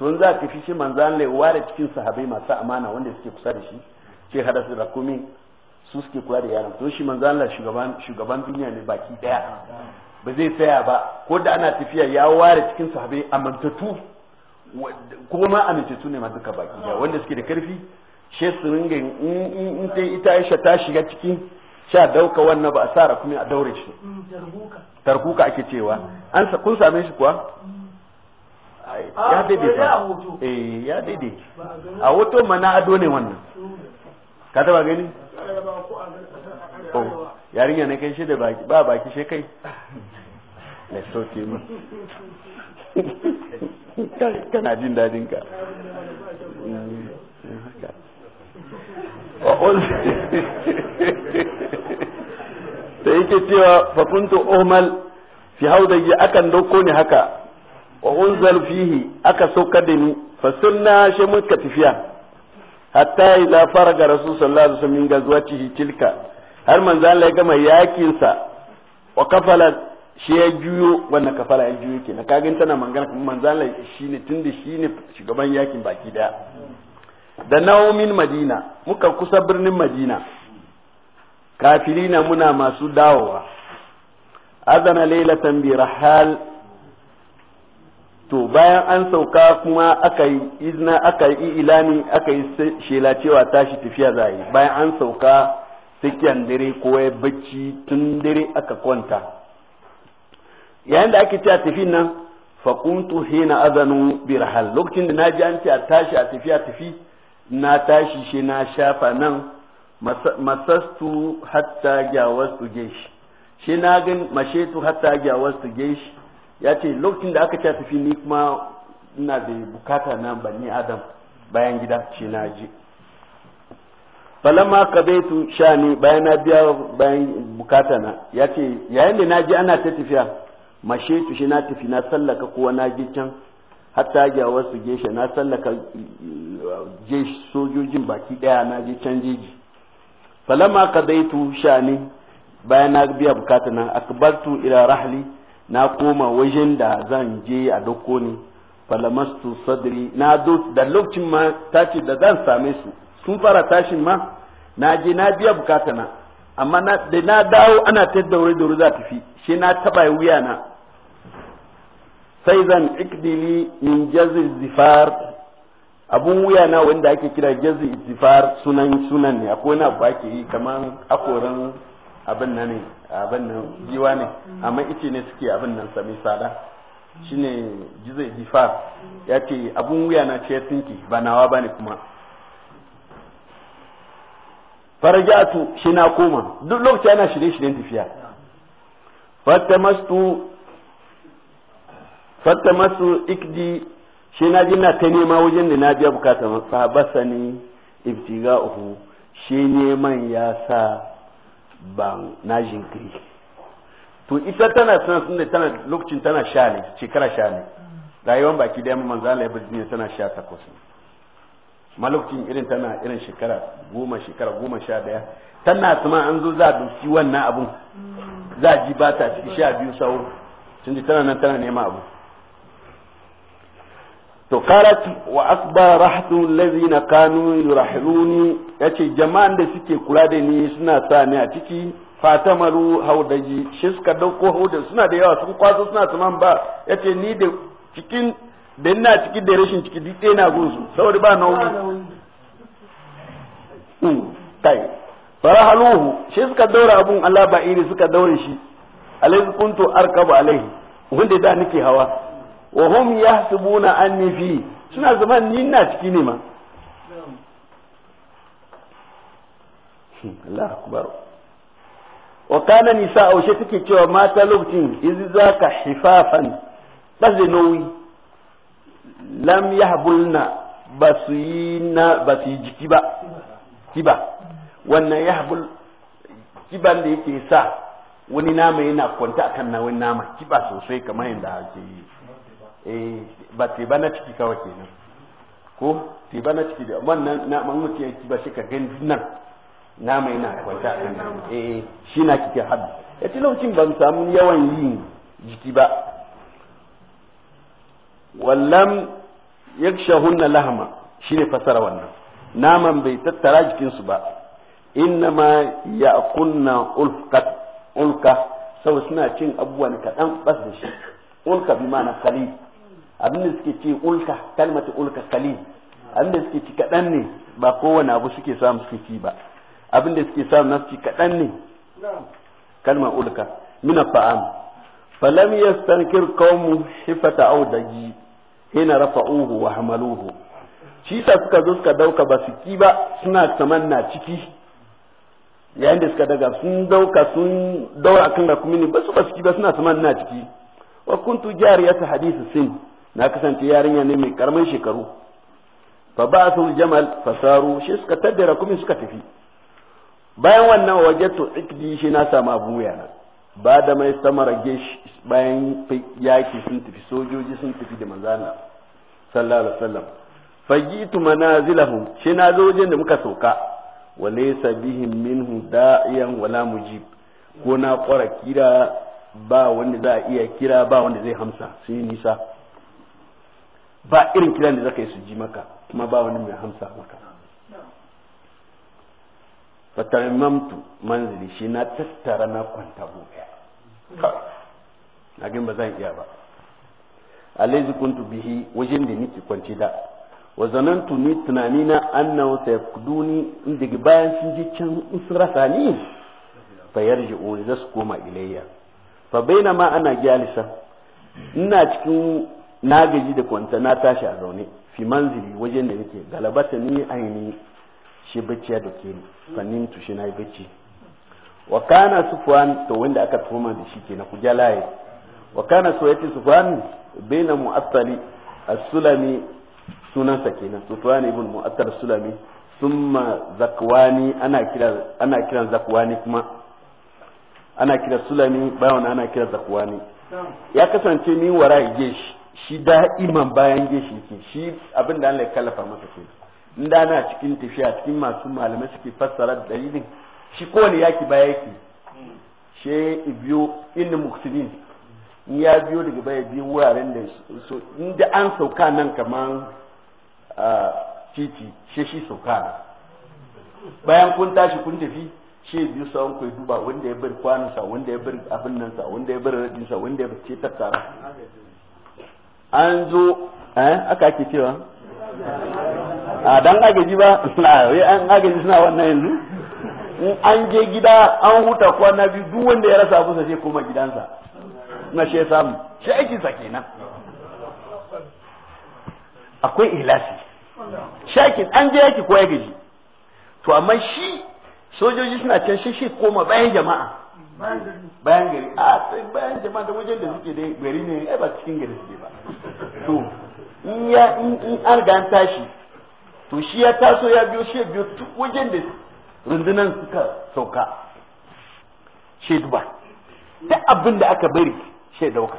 don za ka fi shi manzan laiwa da cikin sahabai masu amana wanda suke kusa da shi ce hada su rakumi su suke kula da yaran to shi manzo Allah shugaban shugaban duniya ne baki daya ba zai tsaya ba ko da ana tafiya ya ware cikin sahabbai amintatu ko ma amintattu ne ma duka baki daya wanda suke da karfi she su ringa in sai ita Aisha ta shiga cikin sha dauka wannan ba a sa kuma a daure shi tarkuka ake cewa an kun same shi kuwa ya ah, daidai ba eh ya daidai a hoto mana ado ne wannan ka taba gani oh, yarinya na kai shi da baki ba baki shi kai na ke mu kana jin dadin ka da yake cewa fakuntu umal fi haudaji akan dauko ni haka wa unzal fihi aka sauka da ni sunna shi muka tafiya hatta idza faraga rasul sallallahu alaihi wasallam min gazwatihi tilka har manzo Allah ya gama yakin sa wa kafala shi ya juyo wannan kafala ya juyo kenan kaga tana mangana kuma manzo Allah shine tunda shine shugaban yakin baki daya da naumin madina muka kusa birnin madina kafirina muna masu dawowa azana laylatan bi rahal to bayan an sauka kuma aka yi izina aka yi ilani aka yi shela cewa tashi tafiya za yi bayan an sauka tsakiyar dare ko ya bacci tun dare aka kwanta yayin da ake cewa tafi nan fakuntu hina azanu birhal lokacin da na an cewa a tashi a tafiya tafi na tashi shi na shafa nan masastu hatta gyawastu geshi shi na gan mashetu hatta su geshi ya ce lokacin da aka ce tafi ni kuma ina da bukata na bani adam bayan gida ce na je tu kabaitu shani bayan na biya bayan bukata na ya ce yayin da na je ana ta tafiya mashe shi na tafi na sallaka kowa na je can hatta ga wasu geshe na sallaka je sojojin baki daya na je can jeji tu sha shani bayan na biya bukata nan akbartu ila rahli na koma wajen da zan je a dauko ni falamastu sadri na do da lokacin ma tashi da zan same su sun fara tashin ma na je na biya bukata na amma na da na dawo ana ta daure daure za tafi shi na taba wuya na sai zan ikdili min jazil zifar abun wuya na wanda ake kira jazil zifar sunan sunan ne akwai na ba ke yi kamar akoran abin nan ne abin nan giwa ne amma ice ne suke abin nan sami sada shine jizai jifar ya ce abun wuya na ce tinki ba nawa bane kuma farjatu shi na koma duk lokaci ana shirye-shiryen tafiya fatamastu fatamastu ikdi shi na ji na ta nema wajen da na biya bukata fa basani ibtiga uhu shi neman ya sa ban na jinkiri to ita tana sana sun da tana lokacin tana sha ne shekara sha ne rayuwar baki da manzo Allah ya bar tana sha takwas ma lokacin irin tana irin shekara goma shekara goma sha daya tana sama an zo za a dauki wannan abun za a ji ba ta ciki sha biyu sauro sun tana nan tana nema abu to qalat wa asba rahtu allazina kanu yurahiluni yace jama'an da suke kula da ni suna sa ni a ciki fatamaru haudaji shi suka dauko hauda suna da yawa sun kwaso suna tsaman ba yace ni da cikin da ina ciki da rashin ciki duk ɗaya na gunsu saboda ba nauyi hmm, kai farahaluhu shi suka daura abun Allah ba iri suka daure shi alaihi kuntu arkabu alaihi wanda da nake hawa wa hum yahsubuna anni fi suna zaman ni ina ciki ne ma hmm, Allah akbar wa kana nisa aushe take cewa mata lokacin izi zaka hifafan nauyi lam yahbulna basina basi jiki ba kiba wannan yahbul kiban da yake sa wani nama yana kwanta akan na nama kiba sosai kamar yadda ake yi eh ba teba na ciki kawai kenan ko teba na ciki da wannan na mamuti ci ba shi ka gani nan na mai na kwanta a nan eh shi na kike Ya ci lokacin ban samu yawan yin jiki ba wallam yakshahunna lahama Shi ne fasara wannan naman bai tattara jikinsu ba innama ya kunna ulka sau suna cin abubuwan kaɗan bas da shi ulka bi na kali abin da suke ce ulka kalmata ulka kalil abin da suke ci kaɗan ne ba kowane abu suke samu suke ci ba abin da suke samu nasu ci kaɗan ne kalma ulka mina fa'am falam yastankir qaumu hifata daji hina rafa'uhu wa hamaluhu shi sa suka zo suka dauka ba su ki ba suna tamanna ciki yayin da suka daga sun dauka sun daura kan kuma ne ba su ba su ki ba suna tamanna ciki wa kuntu jariyata hadisi sin na kasance yarinya ne mai karamin shekaru fa ba su jamal fasaru shi suka tabbara kuma suka tafi bayan wannan wajatu ikdi shi na sama abu na ba da mai samara geshi bayan yaki sun tafi sojoji sun tafi da manzana sallallahu alaihi wasallam fajitu manazilahum shi na zo wajen da muka sauka laysa bihim minhu da'iyan wala mujib ko na kwara kira ba wanda za a iya kira ba wanda zai hamsa sai nisa ba irin kiran da zaka yi su ji maka kuma ba wani mai hamsa maka fatamamtu manzili shi na tattara na kwanta gobe na ba zan iya ba alaizi kuntu bihi wajen da nake kwanci da wa zanantu ni tunani na annahu sayakuduni inda bayan sun je can in sun rasa ni fa yarji'u za su koma ilayya fa bainama ana jalisa ina cikin na gaji da kwanta na tashi a zaune fi manzili wajen da yake galabata ni aini shi bacciya da ke ni fannin tushe na yi bacci wa kana sufwan to wanda aka tuma da shi ke na ku laye wa kana so yace sufwan baina mu'assali as-sulami sunansa kenan sufwan ibn mu'assal sulami thumma zakwani ana kira ana kiran zakwani kuma ana kira sulami bayan ana kira zakwani ya kasance min wara shi shi da'iman bayan geshi ke shi abin da Allah ya kallafa masa ke in da na cikin tafiya cikin masu malamai suke fassara da dalilin shi kowane yaki baya yake she biyo in muksinin in ya biyo daga baya biyo wuraren da so da an sauka nan kaman titi she shi sauka bayan kun tashi kun tafi she biyo sawon ku duba wanda ya bar kwanansa wanda ya bar abin nan sa wanda ya bar radin sa wanda ya bar ce tattara an zo eh aka ake cewa a dan agaji ba wai an agaji suna wannan yanzu in an je gida an huta kwana biyu duk wanda ya rasa abu sai koma gidansa na shi ya samu shi aiki sa kenan akwai ihlasi shakin an je yaki ko ya gaji to amma shi sojoji suna can shi shi koma bayan jama'a bayan gari a bayan jama'a da wajen da suke dai gari ne ai ba cikin gari suke ba to in ya in an ga an tashi to shi ya taso ya biyo shi biyo duk wajen da rundunan suka sauka shi duba ta abin da aka bari shi dauka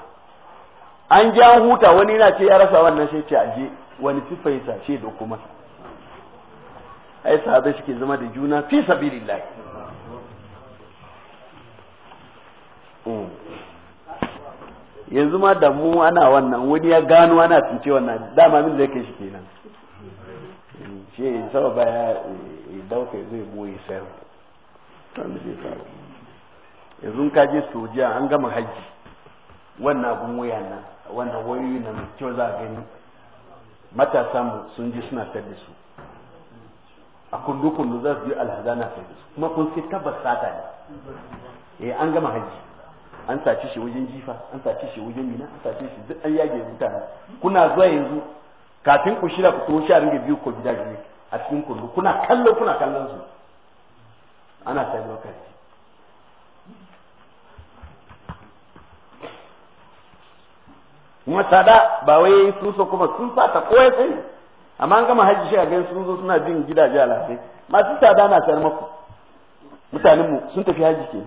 an ja huta wani na ce ya rasa wannan shi ce aje wani sifa sa shi da kuma ai shi ke zama da juna fi sabilillah Mm. yanzu ma da mu ana wannan wani ya gano ana tunce wannan dama min zai kai shi kenan shi saba baya eh, eh, dauka zai boye sayar tanda zai faru yanzu ka je sojiya an gama hajji wannan abun waya nan wannan wayoyi na mai kyau za a gani matasa mu sun ji suna sayar da su a kundu kundu za su yi alhazana sayar da su kuma kun sai tabbas sata ne eh an gama hajji an sace shi wajen jifa an sace shi wajen mina an sace shi duk an yage mutane kuna zuwa yanzu kafin ku shira ku tawo sha biyu ko gida ne a cikin kullu kuna kallo kuna kallon su ana sai lokaci kuma sada ba wai sun so kuma sun fata ya sai amma an gama hajji shi a gani sun zo suna bin gidaje a lafiya masu tsada na sayar maku mutanenmu sun tafi hajji ke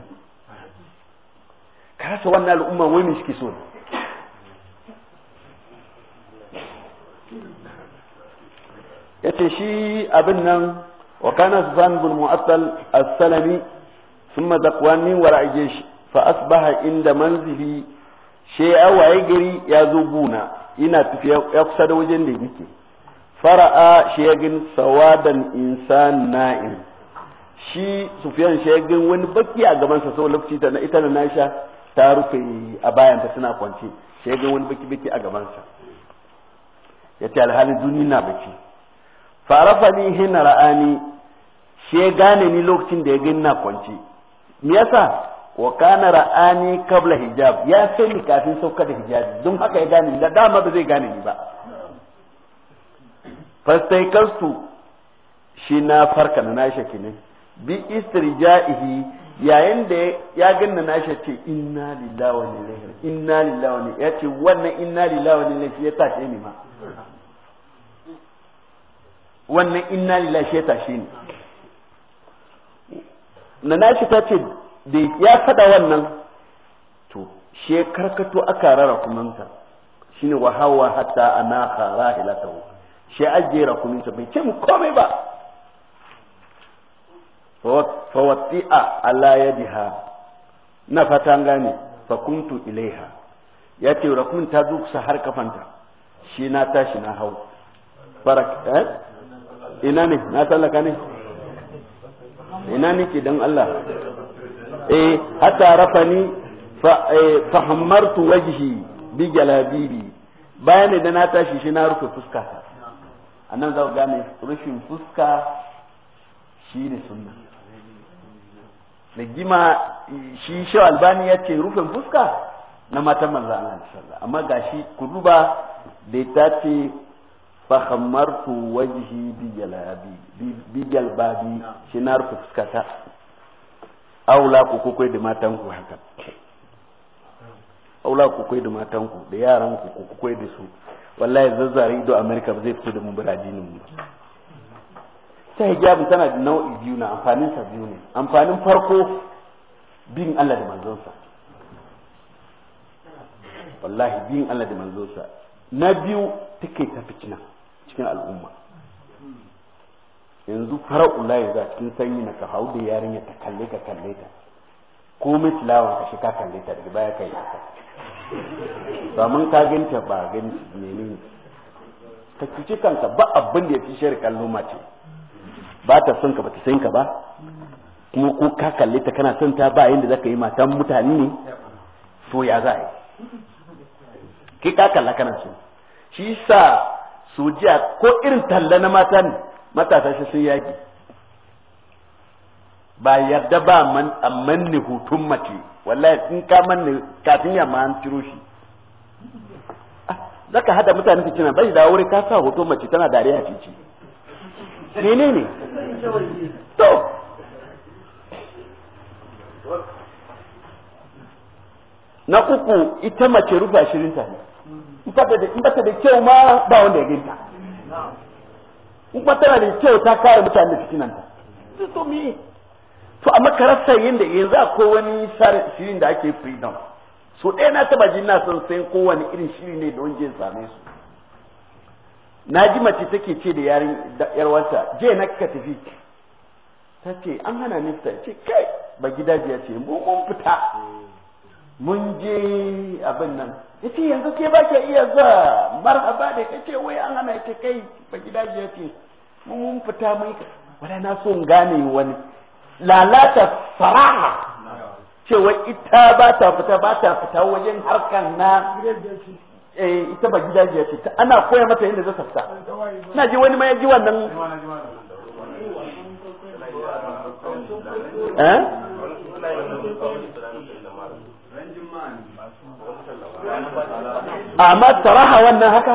kasa wannan al'umma wani suke so ne yace shi abin nan wa kana zan bin Mu'attal as-Salami thumma Zakwan min wara shi fa asbaha inda manzili she awaye gari ya zo buna ina tafiya ya kusa da wajen da yake fara'a she ya gani sawadan insan na'im shi sufiyan she ya gani wani baki a gaban sau lokaci ta na ita na nasha ta rufe a bayanta tana kwance sai ga wani baki baki a gabansa ya ce alhali duniya na baki farafa ni hina ra'ani shi gane ni lokacin da ya gani na kwance me yasa wa kana ra'ani kabla hijab ya ni kafin sauka da hijabi dun haka ya gane da dama ba zai gane ni ba fastaikarsu shi na farka na shi kenan bi istirja'ihi yayin da ya ganna na shi ce inna lillahi wa inna ilaihi inna lillahi wa inna yace wannan inna lillahi wa inna ilaihi ya tashe ni ma wannan inna lillahi ya tashe ni na na shi ta ce da ya faɗa wannan to she karkato aka rara kuminsa shine wa hawa hatta ana kharahilatu ilatahu she ajera kuminsa bai ce mu komai ba fawatti'a ala yadiha na fatan gane kuntu ilaiha ya ce rakun ta zuksa har kafanta shi na tashi na hau barak eh ina ne na tallaka ne ina ne ke dan Allah eh hatta rafani fa eh, fahammartu wajhi bi jalabibi bayan da na tashi shi na rufe fuska ta anan za ku gane rufin fuska shi ne sunna da gima shi shi albani ya ce rufin fuska na matan manzo Allah sallallahu amma gashi ku duba da ta ce fa khamartu wajhi bi jalabi bi jalbabi shi na rufe ta aula ku ku da matan ku haka aula ku kai da matan ku da yaran ku ku kai da su wallahi zazzare ido America ba zai fito da mu birajinin mu ta hijabin tana da nau'i biyu na amfanin sa biyu ne amfanin farko bin Allah da manzonsa wallahi bin Allah da manzonsa na biyu take ta fitina cikin al'umma yanzu fara'u la za cikin sanyi na ka hau da yarinya ta kalle ka kalle ta mai tilawan ka shi ka kalle ta daga baya kai haka ba mun ka ganta ba ganci menene ka cuci kanka ba abin da ya fi shari'a kallo mace ba ta son ka ba ta san ka ba kuma ko ka kalle ta kana son ta ba yanda zaka yi matan mutane ne so ya za a yi ke ka kalla kana so shi sa sojiya ko irin talla na mata ne matasa shi sun yaki ba yarda ba man amman ne hutun mace wallahi in ka manne kafin ya ma an ciro shi ah, zaka hada mutane su cina bai da wuri ka sa hutun mace tana dariya cikin menene to na uku ita mace rufe ashirinta ne in ba ta da kyau ma ba wanda ya ginta in ba tana da kyau ta kare mutane da fitinanta to me to amma karasa yadda yanzu akwai wani shirin da ake freedom so ɗaya na taba jin na son sayan kowane irin shiri ne don je same su na ji mace take ce da yarin yarwanta je na ka tafi ta ce an hana ni fita ce kai ba gida ya ce mu mun fita mun je abin nan yace yanzu ke ba ke iya za marhaba da kace wai an hana ce kai ba gida ya ce mu mun fita mai wala na so gane wani lalata faraha cewa ita ba ta fita ba ta fita wajen harkan na Eh, ita ba gidajiya ce ana koya mata yadda zai tafta na ji wani ma ya ji wannan eh amma taraha wannan haka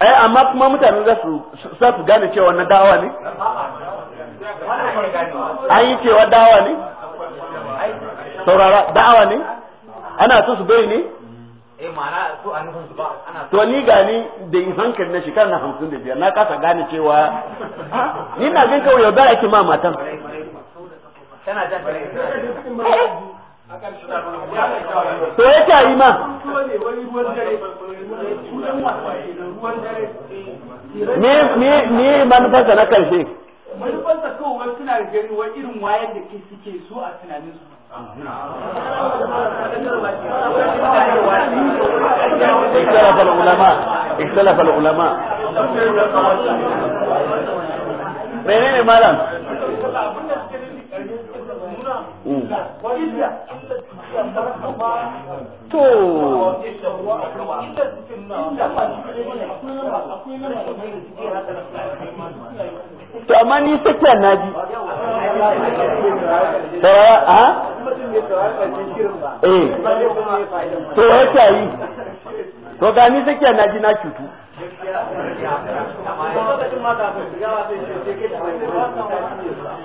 Eh amma kuma mutane za su za su gane cewa na dawa ne an yi cewa dawa ne saurara dawa ne ana so su bai ne to ni gani da in hankali na shekara na hamsin da biyar na kasa gane cewa ni na gan kawai yau ake ma matan to ya yi ma Eh, me me manufarsa na karshe manufarsa suna gani wa irin wayar da ke suke so a tunanin su اختلف العلماء اختلف العلماء to to amma ni na a eh to ya yi to ga ni tsakiya na ji na cutu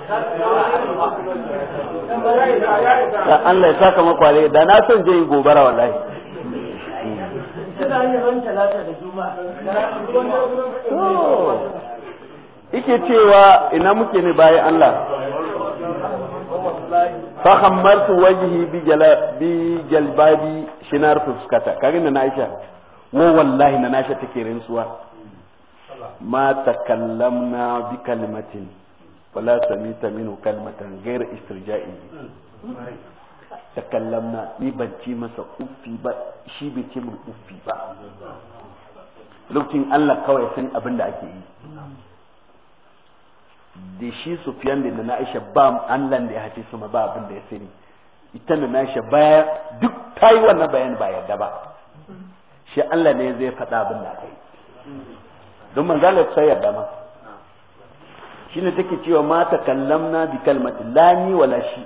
Allah ya saka makwale da na son je gobara wallahi ike cewa ina muke ne bayan Allah fa hammaltu wajhi bi bi jalbabi shinar fuskata kage na Aisha wa wallahi na Aisha take rinsuwa ma takallamna bi kalmatin wala sami ta minu kalmatan gair istirja'i ta kallamna ni ban ce masa uffi ba shi bai ce min uffi ba lokacin Allah kawai san abin da ake yi da shi sufiyan da na aisha ba Allah da ya hace su ma ba abin da ya sani ita da na baya duk ta yi bayan ba yadda ba shi Allah ne zai faɗa abin da aka yi don manzalar sai yadda shine take cewa ma kallamna bi kalmati la ni wala shi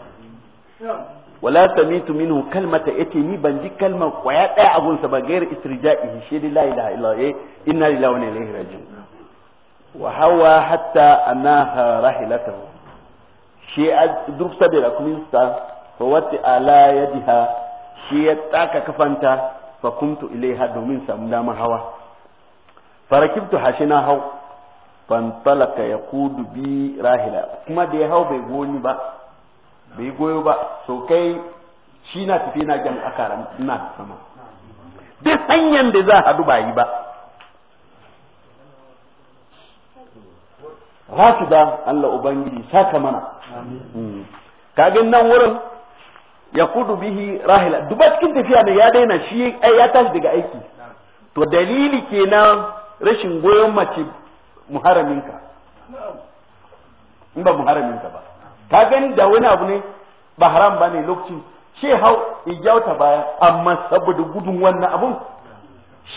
wala samitu minhu kalmata yace ni ban ji kalma kwaya daya a gunsa ba gairar istirja'i shi la ilaha illa eh, inna lillahi wa inna ilaihi raji'un wa hawa hatta anaha rahilatahu shi a duk sabira kuminsa fa wati ala yadiha shi ya taka kafanta fa kumtu ilaiha domin samu dama hawa farakibtu hashina hau fantalaka ya kudu bi rahila kuma da ya hau bai goni ba bai goyo ba so kai shi na tafi na jan akara na sama duk hanyar da za hadu ba yi ba da Allah ubangiji saka mana kagin nan wurin ya kudu bihi rahila duba cikin tafiya ne ya daina shi ya tashi daga aiki to dalili kenan rashin goyon mace muharaminka in ba muharaminka ba ka gani da wani abu ne ba haram ba ne lokacin she hau igyauta baya amma saboda gudun wannan abun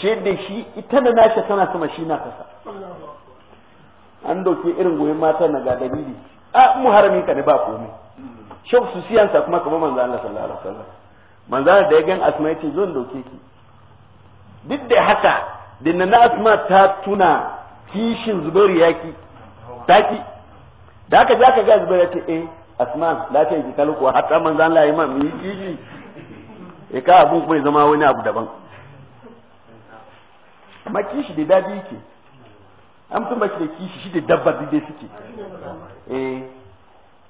she da shi ita da nasha tana sama shi na kasa an doke irin goyon mata na ga dalili a muharamin ka ne ba komai shek su siyansa kuma kamar manzo Allah sallallahu alaihi wasallam manzo da ya gan asma yace zan doke ki duk da haka dinna na asma ta tuna kishin zubairu ta ki da aka ji aka ga zubairu ce eh asman lafiya yi kalu kuwa hatta manzo Allah ya mu yi kishi e ka abun kuma ya zama wani abu daban amma kishi da dadi yake an tun baki da kishi shi da dabba da suke eh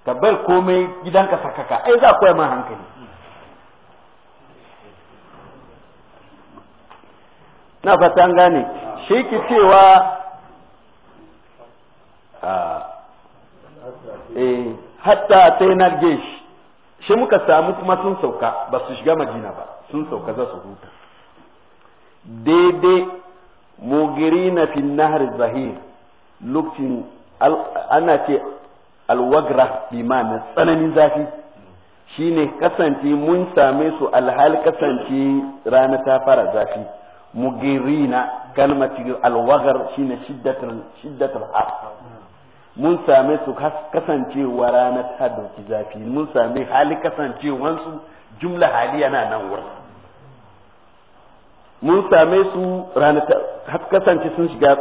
ka bar komai gidanka sakaka ai za koya ma hankali na fata an gane shi ke cewa Ah. eh hatta sai na je shi muka samu kuma sun sauka ba su shiga madina ba sun sauka za su huta daidai mugiri na fi nahar zahir lokacin ana ce alwagra bima na tsananin zafi shine kasance mun same su alhal kasance rana ta fara zafi mugirina kalmatin alwagar shine ne shiddatar mun same su kasancewa rana ta dauki zafi mun same hali kasancewansu jumla hali yana nan wurin mun same su ranar ta kasance sun shiga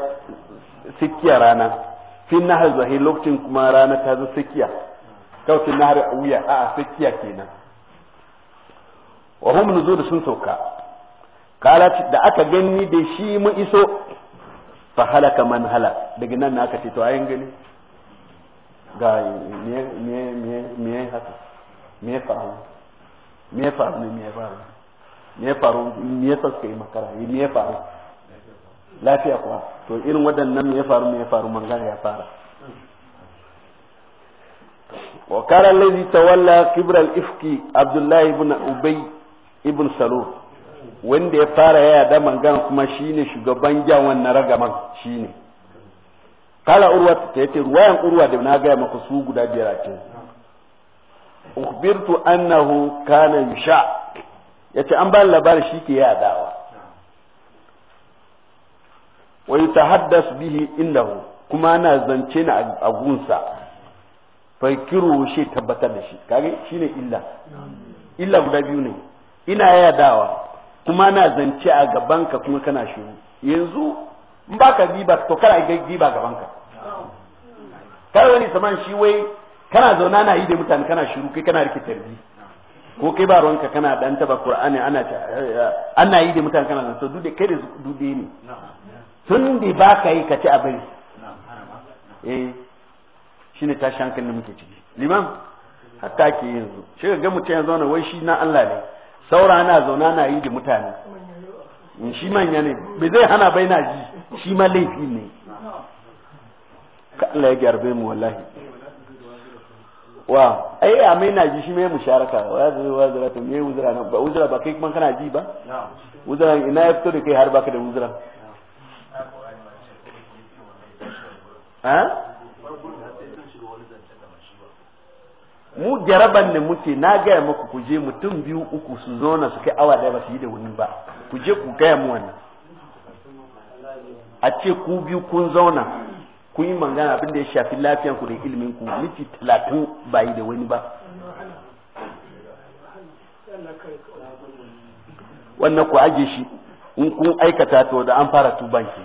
sikiya rana fi nahar zahi lokacin kuma rana ta zo sikiya kawai nahar wuya a sikiya kenan wa hum da sun sauka kala da aka gani da shi mu iso fa halaka man hala daga nan na aka ce to ayin gani ga me ya haka me ya faru me ya faru ne me ya faru me ya faru me ya saska yi makara eh, me ya faru lafiya kuwa to irin waɗannan me ya faru me ya faru mangana ya fara وقال الذي تولى كبر الإفك عبد الله بن أبي ibn سلول wanda ya fara ya da mangana kuma shine shugaban jawan na ragaman shine kala urwa ta yace ruwayan urwa da na gaya maka su guda biyar a cikin ukhbirtu annahu kana yusha yace an ba labari shi ke yadawa wa yatahaddas bihi indahu kuma ana zance ni na agunsa fakiru shi tabbatar da shi kage shine illa illa guda biyu ne ina dawa kuma na zance a gabanka kuma kana shiru yanzu in baka giba to kana ga giba gabanka kar wani saman shi wai kana zauna na yi da mutane kana shiru kai kana rike tarbi ko kai ba ruwanka kana dan taba qur'ani ana ana yi da mutane kana zanto dude kai da dude ne tun da ba ka yi ka ci abin eh shine tashi hankalin da muke ciki liman hatta ke yanzu shi ga mutum ya zauna wai shi na Allah ne saura ana zauna na yi da mutane shi manya ne bai zai hana bai na ji shi ma laifi ne ka Allah ya gyarbe mu wallahi wa ai a mai na ji shi mai musharaka wa zai zai wazira to mai uzura na ba uzura ba kai kuma kana ji ba uzura ina ya fito da kai har baka da uzura ha mu jaraban ne muke na gaya muku ku je mutum biyu uku su zona su kai awa daya ba su yi da wani ba ku je ku gaya mu wannan a ce ku biyu kun zauna ku yi magana abin da ya shafi lafiyan ku da ilimin ku miki talatin ba yi da wani ba wannan ku aje shi in kun aikata to da an fara tuban ke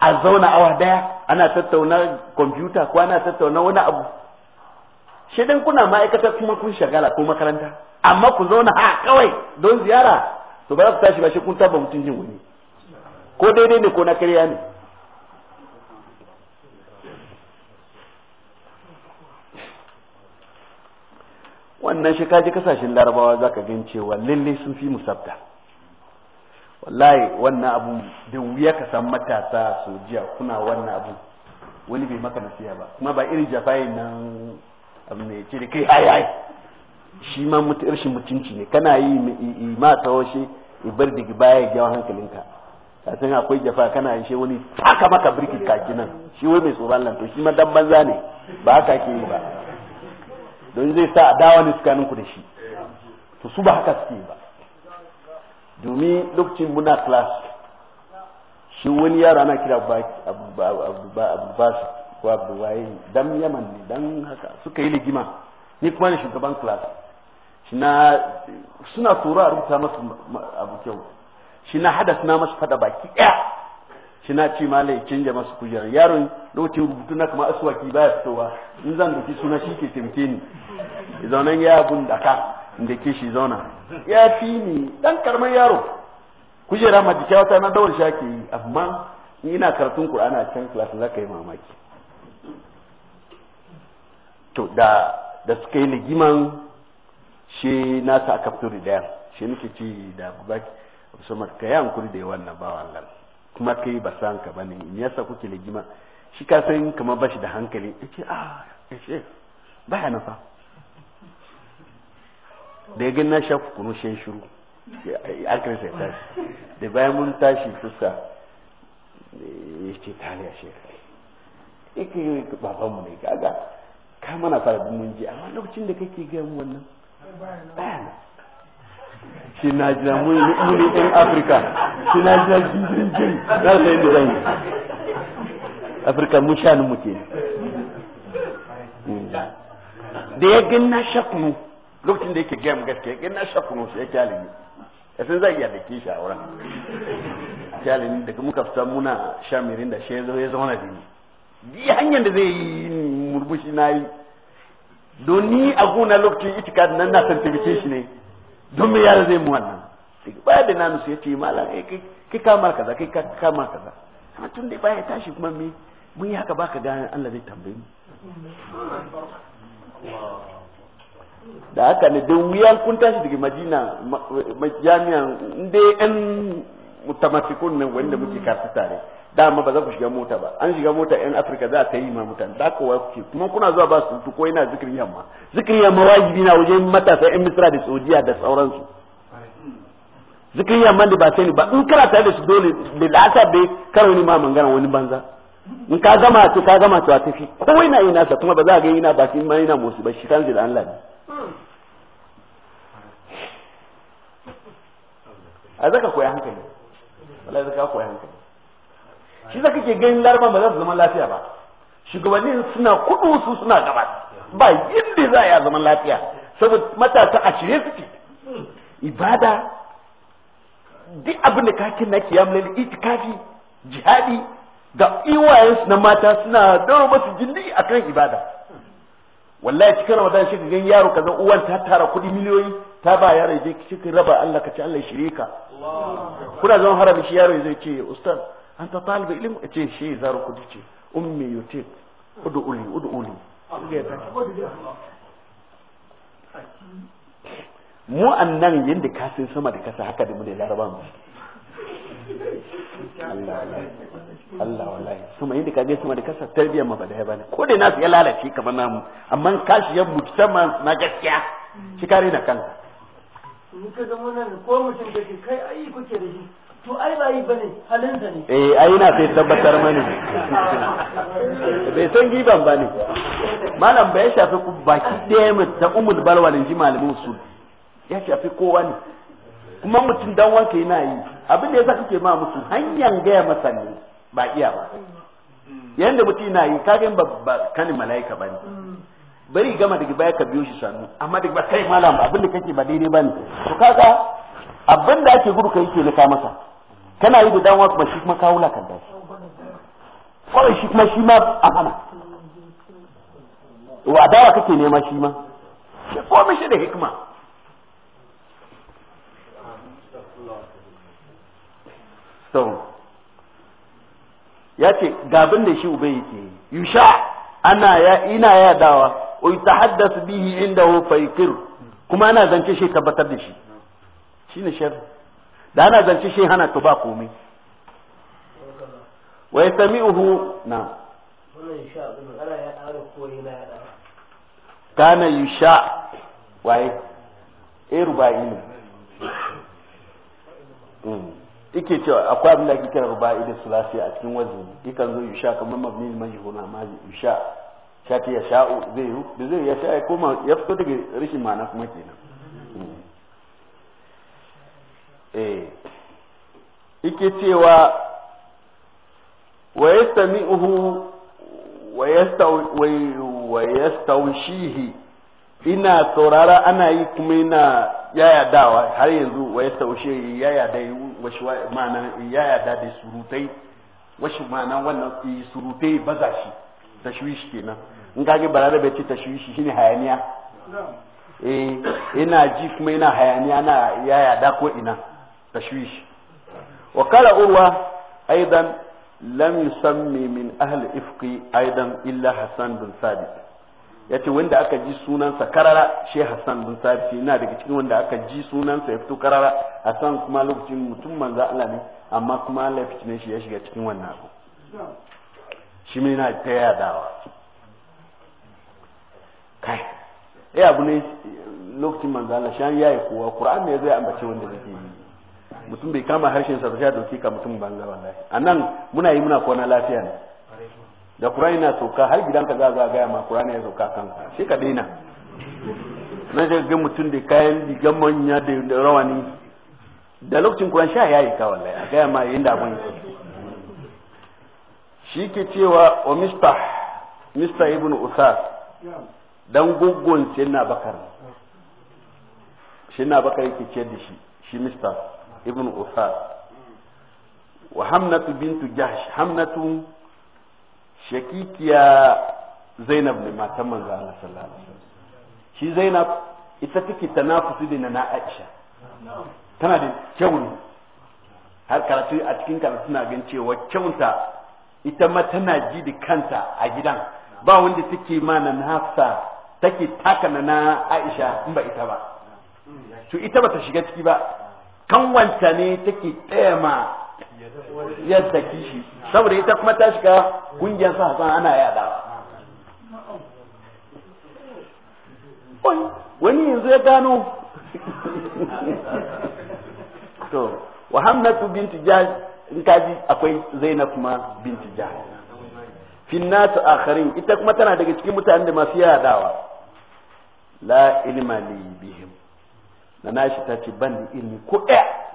a zauna awa daya ana tattauna kwamfuta ko ana tattauna wani abu shi dan kuna ma'aikata kuma kun shagala ko makaranta amma ku zauna ha kawai don ziyara to ba za ku tashi ba shi kun taba mutum jin wani ko daidai ne ko na karya ne wannan shi kaji kasashen larabawa za ka gan cewa lalle sun fi musabta wallahi wannan abu da wuya ka san matasa su jiya kuna wannan abu wani bai maka nasiya ba kuma ba irin jafayin nan abu ne ce kai ai shi ma rashin mutunci ne kana yi ma tawo shi ibar da baya ya jawo hankalinka ka san akwai jafa kana yi shi wani haka maka birkin kaki nan shi wai mai tsoron lantarki shi ma dan banza ne ba haka ke yi ba don zai sa dawa ne tsakanin ku da shi to su ba haka suke ba domin lokacin muna class shi wani yara na kira abubakar ko abdullahi dan yaman ne dan haka suka yi ligima ni kuma ne shugaban class shi na suna tsoro a rubuta masu abu kyau shi na hadas na masu fada baki ɗaya shi na ce ma lai canja masu kujerar yaron lokacin rubutu na kuma aswaki ya fitowa in zan doki suna shi ke taimake ni zaunan ya abun da ka ke shi zauna ya fi ni dan karman yaro kujera ma jikiya wata na dawar shaki yi amma ina karatun qur'ana can class za ka yi mamaki to da da suka yi ligiman shi na sa a fito da shi nake ci da baki musamman ka yi hankuri da yawan na bawan Allah kuma kai ba san ka bane me yasa kuke ligima shi ka san kamar ba shi da hankali ya ce ah ya ce ba ya fa da ya gina sha kukunu shan shiru akira sai tashi da bayan mun tashi fuska ya ce taliya shi ike mu ne ga, ka mana fara mun ji amma lokacin da kake gaya mu wannan bayana shi na jira mu ne ɗan afirka shi na jira jirgin jirgin na sayin da zan yi afirka mun sha mu ke da ya gan na shakunu lokacin da yake gaya mu gaskiya gan na shakunu sai ya kyale ni ya san zai iya da ke shi a wurin kyale ni daga muka fita muna shamirin da shi ya zauna da ni bi hanyar da zai yi murmushi na yi don ni a gona lokacin itikad nan na san tabbace shi ne don me yara zai mu wannan baya da nanu su ya ce malam eh, kai kama kaza kai kama kaza amma tun da baya tashi kuma me mun yi haka ka gane Allah zai tambaye mu da haka ne da wuyan kun tashi daga majina jami'an inda yan mutamatikun ne wanda muke kasu tare dama ba za ku shiga mota ba an shiga mota yan afirka za ta yi ma mutane da kowa kuke kuma kuna zuwa ba su ko yana zikirin yamma zikirin yamma wajibi na wajen matasa yan misra da saudiya da sauransu zikirin yamma da ba sai ba in kana tare da su dole da la'asa bai karo ni ma mangana wani banza in ka gama to ka gama to a tafi ko ina ina sa kuma ba za a ga ina ba shi ma ina musu ba shi kan da Allah ne a zaka koyi hankali wallahi zaka koyi hankali shi zaka ke ganin larban ba za su zama lafiya ba shugabannin suna kudu su suna gaba ba yadda za a zama zaman lafiya saboda matasa a shirye suke ibada duk abin da kakin na kiyam lalle itikafi jihadi ga iwayensu na mata suna dawo masu a kan ibada wallahi cikin ramadan shi gan yaro kaza uwan ta tara kudi miliyoyi ta ba yaro ya je cikin raba Allah ka ci Allah ya shirye ka kuna zama harabi shi yaro zai ce ustaz an ta anta ilim a ce shi zaro kudi ce ummi uli udu uli mu annan yanda ka san sama da kasa haka da mu da larabawa Allah Allah wallahi sama yadda ka gaisa da kasa tarbiyyar ma ba da ne ko da nasu ya lalace kamar namu amma kashi ya mutsama na gaskiya shi kare na kanka mun ka zama nan ko mutum da ke kai ayi kuke da shi to ai ba yi bane halinsa ne eh ai na sai tabbatar mani bai san giban bane malam bai shafi ku baki ɗaya mu ta umul balwal inji malamin su ya shafi kowa ne kuma mutum dan wanka yana yi abin da yasa kake ma mutum hanyar gaya masa ne ba iya ba yanda mutum na yi kagen ba kanin mala'ika ba ne bari gama daga baya ka biyo shi sannu amma daga kai malam ba abin da kake ba daidai ba ne to kaga abin da ake gudu kai ke ka masa kana yi da damuwa kuma shi kuma kawo lakan da shi kawai shi kuma shi ma amana wa dawa kake nema shi ma shi ko shi da hikima so ya ce ga da shi ubai yake yi yusha ana ya ina yadawa wa yatahaddasu bihi inda hu faikir kuma ana zance shi tabbatar da shi shine shar da ana zance shi hana to ba komai wa yasmi'uhu na kana yusha waye eh rubai ne hmm. yake cewa akwai abin da ake kira ruba'i da sulasi a cikin wazini yakan zo yusha kamar mabni majhuna ma yusha sha ta ya sha'u zai yi da zai ya sha ya koma ya fito daga rashin ma'ana kuma kenan eh yake cewa wa yastami'uhu wa yastawi wa yastawishihi ina saurara ana yi kuma ina yayadawa har yanzu wa yastawishihi yayada wasu ma'ana ya yada da surutai wasu ma'ana wannan eh, surutai baza shi tashwish kenan in ka ga da bai ce shi shine hayaniya eh ina ji kuma ina hayaniya na ya yada ko ina tashwish wa kala urwa aidan lam yusammi min ahli ifqi aidan illa hasan bin sabit ya ce wanda aka ji sunansa karara shi hassan bin sabiti na daga cikin wanda aka ji sunansa ya fito karara hassan kuma lokacin mutum manzo Allah ne amma kuma Allah ya fitine shi ya shiga cikin wannan abu shi mai na ta yadawa kai eh abu ne lokacin manzo Allah shan yayi kowa Qur'an ne zai ambace wanda yake yi mutum bai kama harshen sa ba sai doki ka mutum banza wallahi anan muna yi muna kona lafiya ne da kur'ani na sauka har gidanka za a gaya ma kur'ani ya sauka kan shi ka daina na shi ga mutum da kayan digan manya da rawani da lokacin Qur'an sha yi ka wallahi a gaya ma yanda yi shi ke cewa wa mista mista ibn usas dan guggun na bakar na bakar yake ce da shi shi mista ibn usas wa hamnatu bintu jahsh hamnatu shakikiya zainab ne matan manzo Allah sallallahu alaihi wasallam shi zainab ita take tanafusi da na Aisha tana da kyau har karatu a cikin karatu na gan cewa kyauta ita ma tana ji da kanta a gidan ba wanda take ma na nafsa take taka na Aisha in ba ita ba to ita ba ta shiga ciki ba kanwanta ne take tsaya ma yadda saki saboda ita kuma ta shiga kungiyar sa hasan ana yada wani yanzu ya gano to wa hamnatu binti jahsh in kaji akwai zainab kuma binti jahsh finnatu akharin ita kuma tana daga cikin mutanen da masu yadawa la ilma li bihim na nashi ta ce ban ilmi ko ɗaya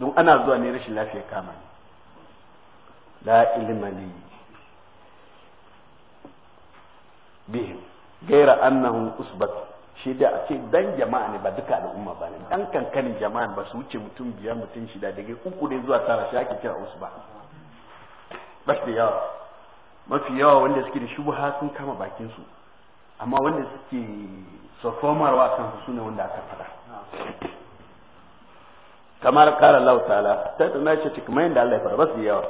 don ana zuwa ne rashin lafiya kama ne. la ilma li bihim gaira annahum usbat shi da a ce dan jama'a ne ba duka al'umma ba ne dan kankanin jama'a ba su wuce mutum biyar mutum shida daga uku ne zuwa tara shi ake kira usba ba da yawa mafi yawa wanda suke da shubha sun kama bakin su amma wanda suke sofomarwa kan su ne wanda aka fada kamar kara Allah ta'ala sai da nace cikin mai da Allah ya fara basu yawa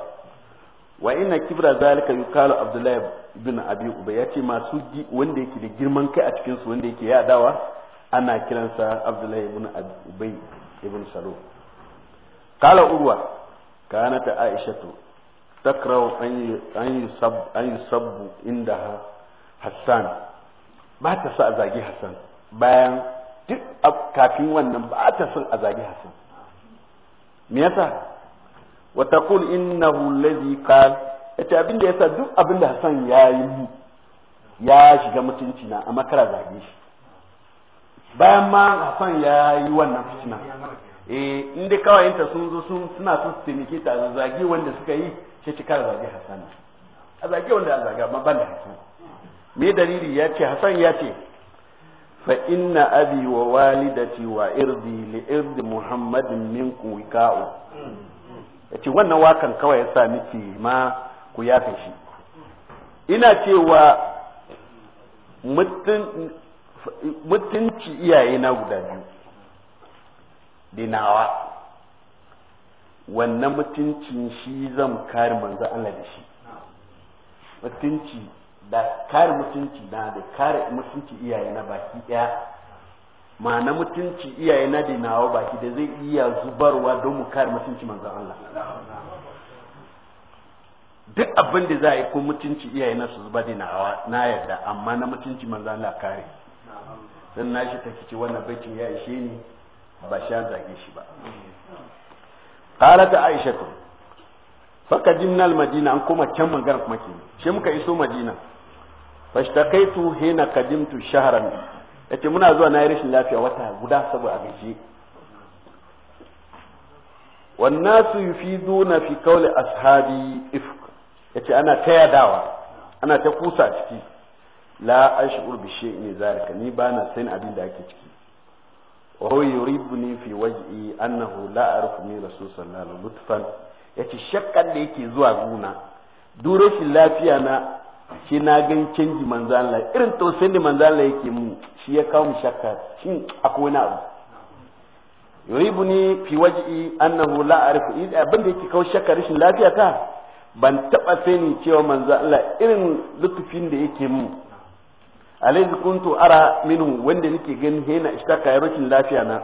wa inna kibra zalika yukalu abdullahi bin abi uba yace masu wanda yake da girman kai a cikin su wanda yake yadawa ana kiransa abdullahi ibn ubay ibn salu qala urwa kanat aishatu takrahu an yusab an yusab indaha hassan ba ta sa a zagi hassan bayan duk kafin wannan ba ta son a zagi hassan me yasa wa taqul innahu allazi qal yace abin da yasa duk abin da Hassan ya yi mu ya shiga mutunci na a makara zage shi bayan ma Hassan ya yi wannan fitina eh inda kawayenta sun zo sun suna so su taimake ta zage wanda suka yi sai ci kara zage Hassan a zage wanda a zaga ma ban da Hassan me dalili ya ce Hassan ya ce فإن أبي ووالدتي وإرضي لإرض محمد منكم وكاء yace wannan wakan kawai ya sa miki ma ku yafe shi ina cewa mutunci iyaye na guda biyu dinawa wannan mutuncin shi zan kare manzo Allah da shi mutunci da kare mutunci na da kare mutunci iyaye na baki daya na mutunci iyaye na dinawa baki da zai iya zubarwa don mu kare mutunci manzan Allah duk abin da za a yi ko mutunci iyaye na su zuba dinawa na yarda amma na mutunci manzan Allah kare dan na shi take ce wannan baitin ya ishe ni ba sha zage shi ba qalata aishatu fakadinna al-madina an koma can magana kuma ke shi muka iso madina fashtakaitu hina kadimtu shahran yace muna zuwa na rashin lafiya wata guda saboda abinci wannasu yufiduna fi qawli ashabi ifk yace ana ta dawa ana ta kusa ciki la ashur bi shay'in zalika ni ba na san abin da yake ciki wa huwa yuribuni fi waj'i annahu la a'rifu min rasul sallallahu alaihi wasallam lutfan yace shakkan da yake zuwa guna dure rashin lafiya na shi na gan canji manzan Allah irin tausayin da manzan Allah yake mu shi ya kawo shakka shin akwai wani abu ni fi waj'i annahu la arifu abin da yake kawo shakka rashin lafiya ta ban taba sani cewa manzan Allah irin lutufin da yake mu alaihi kuntu ara minhu wanda nake gani na ishtaka ya rashin lafiya na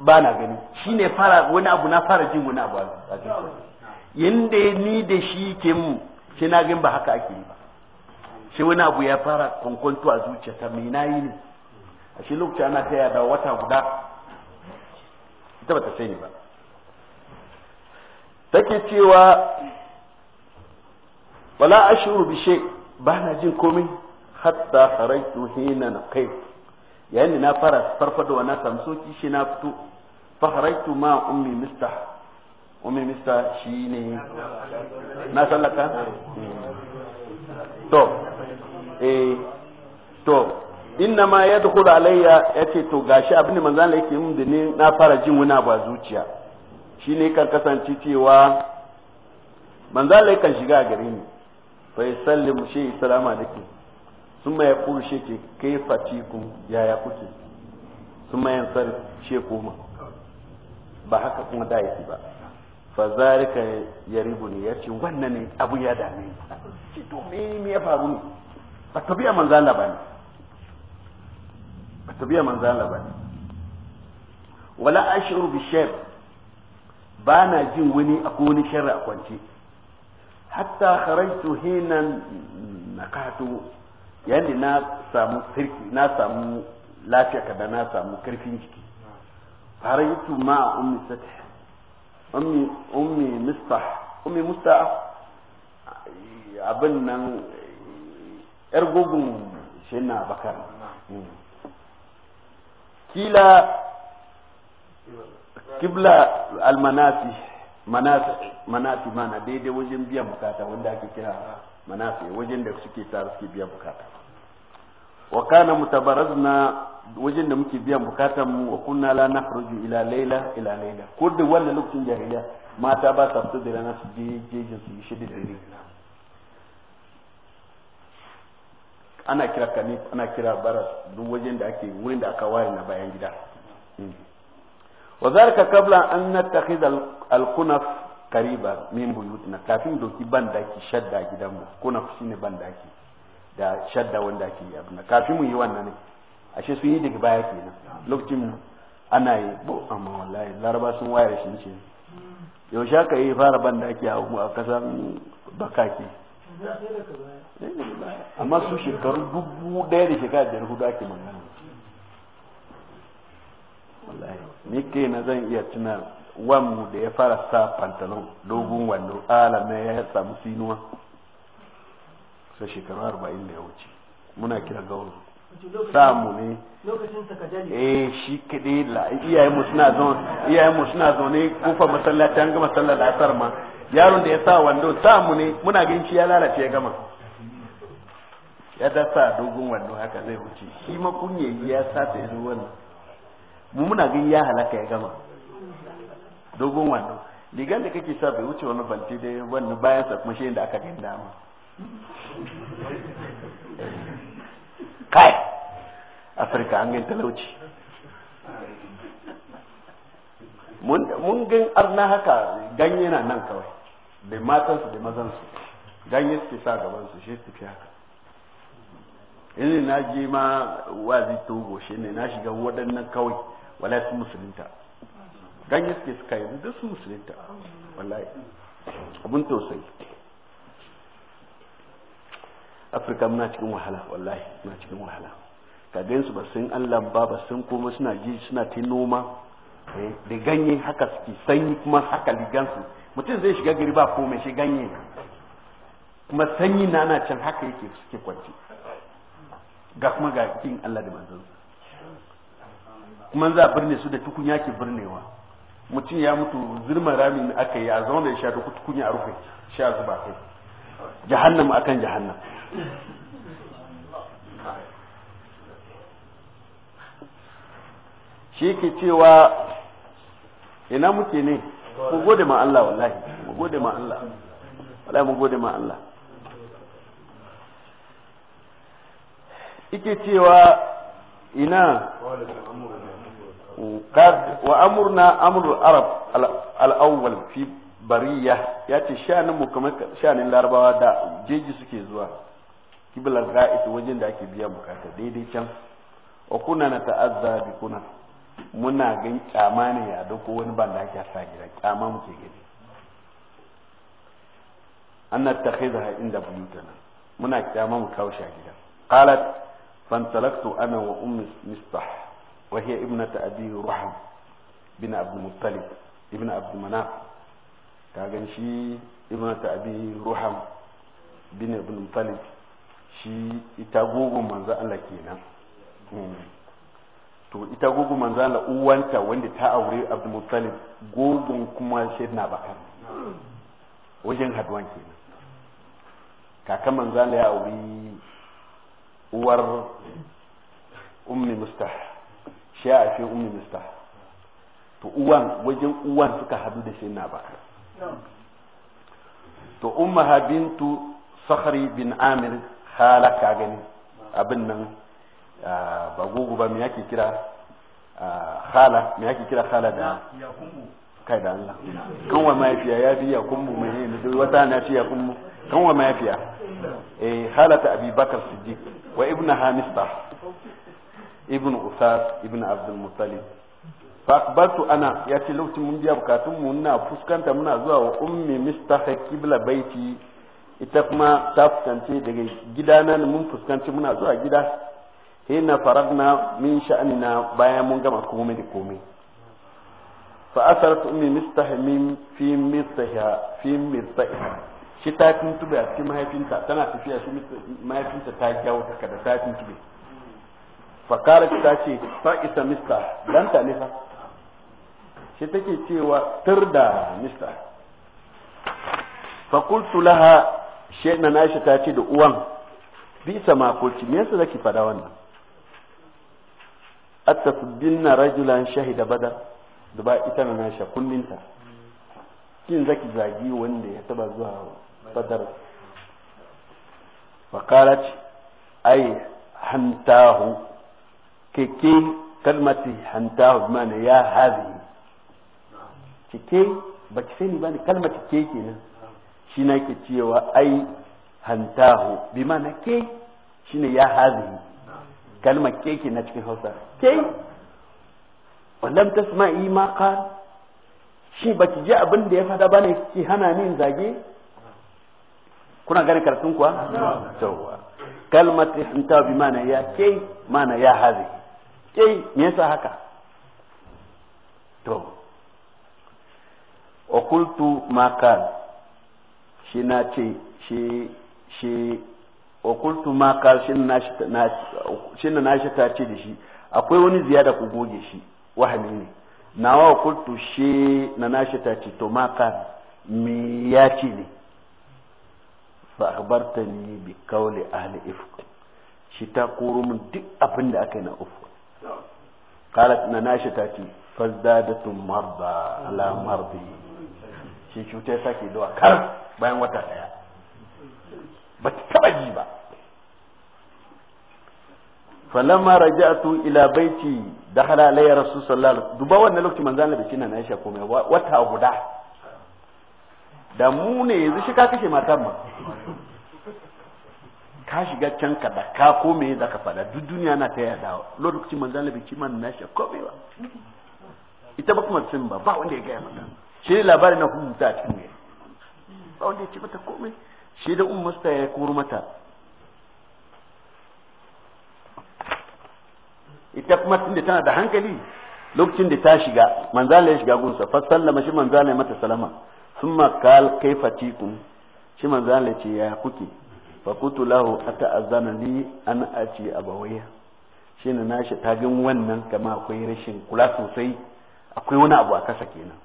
ba na gani shine fara wani abu na fara jin wani abu a yanda ni da shi ke mu shi na gan ba haka ake yi ba shi wani abu ya fara kwankwanto a zuciya ta mai yi ne a shi lokaci ana ta yada wata guda ita ba bata sani ba take cewa wala ashuru bi shay ba na jin komai hatta haraitu hina kai. yayin na fara farfado na samsoki shi na fito fa haraitu ma ummi mistah ummi mista shi ne na sallaka to eh to inna ma ya dukuru alayya ya ce to gashi abin da manzan da yake da ne na fara jin wani abu a zuciya shi ne kan kasance cewa manzan da kan shiga a gare ni fa yi sallim shi salama da ke sun ma ya kuru shi ke kai fatikun yaya kuke sun ma yan shi koma ba haka kuma da yake ba fa zarika yaribuni yace wannan ne abu ya dame ni shi to me me ya faru ne ba ta biya manzo Allah bane ba ta biya manzo Allah bane wala ashuru bi shar ba na jin wani akwai wani sharri a kwance hatta kharajtu hinan naqatu yayin na samu sirki na samu lafiya kada na samu karfin jiki kharajtu ma ummi satih ummi ummi mustah ummi musta abin nan yar gogun shi na bakar hmm. kila kibla almanasi manafi manasi mana daidai wajen biyan bukata wanda ake kira manasi wajen da suke tare suke biyan bukata wa kana mutabarazna wajen da muke biyan bukatar mu wa kunna la nakhruju ila layla ila layla ko da wanda lokacin jahiliya mata ba ta fita da rana su je jejin su shi da dare ana kira kanis ana kira baras duk wajen da ake wurin da aka ware na bayan gida wa zalika qabla an nattakhidha al-kunaf qariba min buyutina kafin doki bandaki shadda gidanmu kunaf shine daki da shadda wanda ake yi abin kafin mu yi wannan ne ashe sun yi daga baya kenan lokacin ana yi bo amma wallahi laraba sun waye shi ce yaushe ka yi fara ban da ake a kasan bakaki amma su shekaru dubu daya da shekara da hudu ake magana wallahi ni ke na zan iya tuna wanmu da ya fara sa pantalon dogon wando alama ya samu sinuwa sai shekaru arba'in da ya wuce muna kira gauru samu ne eh shi kaɗai la mu suna iyaye mu suna ne kufa masallaci an gama sallar asar ma yaron da ya sa wando samu ne muna ganin shi ya lalace ya gama ya da sa dogon wando haka zai wuce shi ma kunye ya sa ta yi wannan mu muna ganin ya halaka ya gama dogon wando ligan da kake sa bai wuce wani balti dai wannan bayan sa kuma shi da aka gani dama kai afirka an yin talauci mun gan arna haka ganye na nan kawai bai matansu da mazansu ganye suke sa gaban su shi suke haka ina na je ma wazi togo shi ne na shiga waɗannan kawai wala su musulunta ganye suke suka yi duk su musulunta wallahi abun tausayi afirka muna cikin wahala wallahi muna cikin wahala ka su ba sun allah ba ba sun koma suna ji suna ta noma eh, da ganye haka suke sanyi kuma haka ligansu mutum zai shiga gari ba komai shi ganye kuma sanyi na ana can haka yake suke kwanci ga kuma ga kin allah da manzansa kuma za a birne su da tukun yake birnewa mutum ya mutu zirma rami aka yi a da ya sha kutukun a rufe sha zuba kai jahannam akan jahannam shi ke cewa ina muke ne mu gode ma Allah wallahi mu gode ma Allah wallahi mu gode ma Allah ike cewa ina wa amurna amru arab al-awwal fi bariya yace ce shanin mu kamar shanin larabawa da jeji suke zuwa kiblar ga'is wajen da ake biya bukata daidai can wa kuna na ta'azza bi kuna muna gan kyama ne ya dauko wani ban da ake sa gida kyama muke gani anna takhidha inda buyutana muna kyama mu kawo shi gida qalat fantalaktu ana wa ummi mistah wa hiya ibnat abi ruham bin abdul muttalib ibn abdul manaf ka gan shi ibnat abi ruham bin abdul muttalib shi ita gogon manzo Allah kenan hmm. to ita gogon manzo Allah uwanta wanda ta aure Abdul Muttalib gogon kuma shi na Bakar wajen haduwan kenan kakan manzo Allah ya aure uwar ummi mustah shi a shi ummi mustah to uwan wajen uwan suka hadu da shi na Bakar to umma habintu sakhri bin amir halaka gani abin nan ba gugu ba me yake kira hala me yake kira hala da kai da Allah kan wa mafiya ya bi ya kumbu mai yi da wata na ci ya kumbu kan wa mafiya eh halata abi bakar siddiq wa ibn hamista ibnu usad ibnu abdul muttalib fakbartu ana ya ce lokacin mun biya bukatun mu muna fuskanta muna zuwa wa ummi mistahaq qibla baiti ita kuma ta fuskanci daga gida nan mun fuskanci muna zuwa gida hina faragna min na bayan mun gama kuma da komai fa asarat ummi mistahmin fi ya fi mirsaha shi ta tuntube a cikin mahaifinta tana tafiya shi mahaifinta ta kyawo ta kada ta tuntube fa kare ta ce fa isa mista dan ta nisa shi take cewa tirda mista fa qultu laha she na nashi ta ce da uwan bisa makoci me yasa zaki fada wannan atasbinna rajulan shahida bada da ba ita na nasha kullinta kin zaki zagi wanda ya taba zuwa badar qalat ay hantahu kike kalmati hantahu mana ya hadhi kike baki sani bani kalmati kike kenan shi na ke cewa ai hantahu bi mana ke shi ne ya hazi kalma ke ke na cikin hausa ke wallam ta suma yi maka shi ba ki ji abin da ya fada ba ne ki hana ni zage kuna gani karatun kuwa yawwa kalmar ta hanta bi mana ya ke mana ya hazi ke me yasa haka to wa makar. shi na ce shi shi okultu ma ka shi na shi ta ce da shi akwai wani ziyada ku goge shi wahani ne nawa okultu shi na nashi ta ce to ma ka mi ya ce ne fa akhbartani bi qawli ahli ifk shi ta koro min duk abin da aka yi na ufu kala na nashi ta ce fazdadatu marda ala marbi shi cutar sake zuwa kar bayan wata daya ba ta taba ji ba falamma raja'tu ila baiti dakhala alayya rasul sallallahu alaihi duba wannan lokaci manzo Allah bai cinna na Aisha komai wata guda da mu ne yanzu shi ka kashe matan ma ka shiga can ka da ka ko me za ka fada duk duniya na ta yada lokacin manzo Allah bai ci man na shi komai ba ita ba kuma sun ba ba wanda ya gaya mata shi labarin na hukunta a cikin ne ba wanda ya ce mata komai shi da ummu musta ya kuru mata ita kuma tunda tana da hankali lokacin da ta shiga manzala ya shiga gunsa fa sallama shi manzala ya mata salama summa kal kaifa tikum shi manzala ya ce ya kuke fa kutu lahu ata'azzana li an aci abawaya na nashi ta gan wannan kama akwai rashin kula sosai akwai wani abu a kasa kenan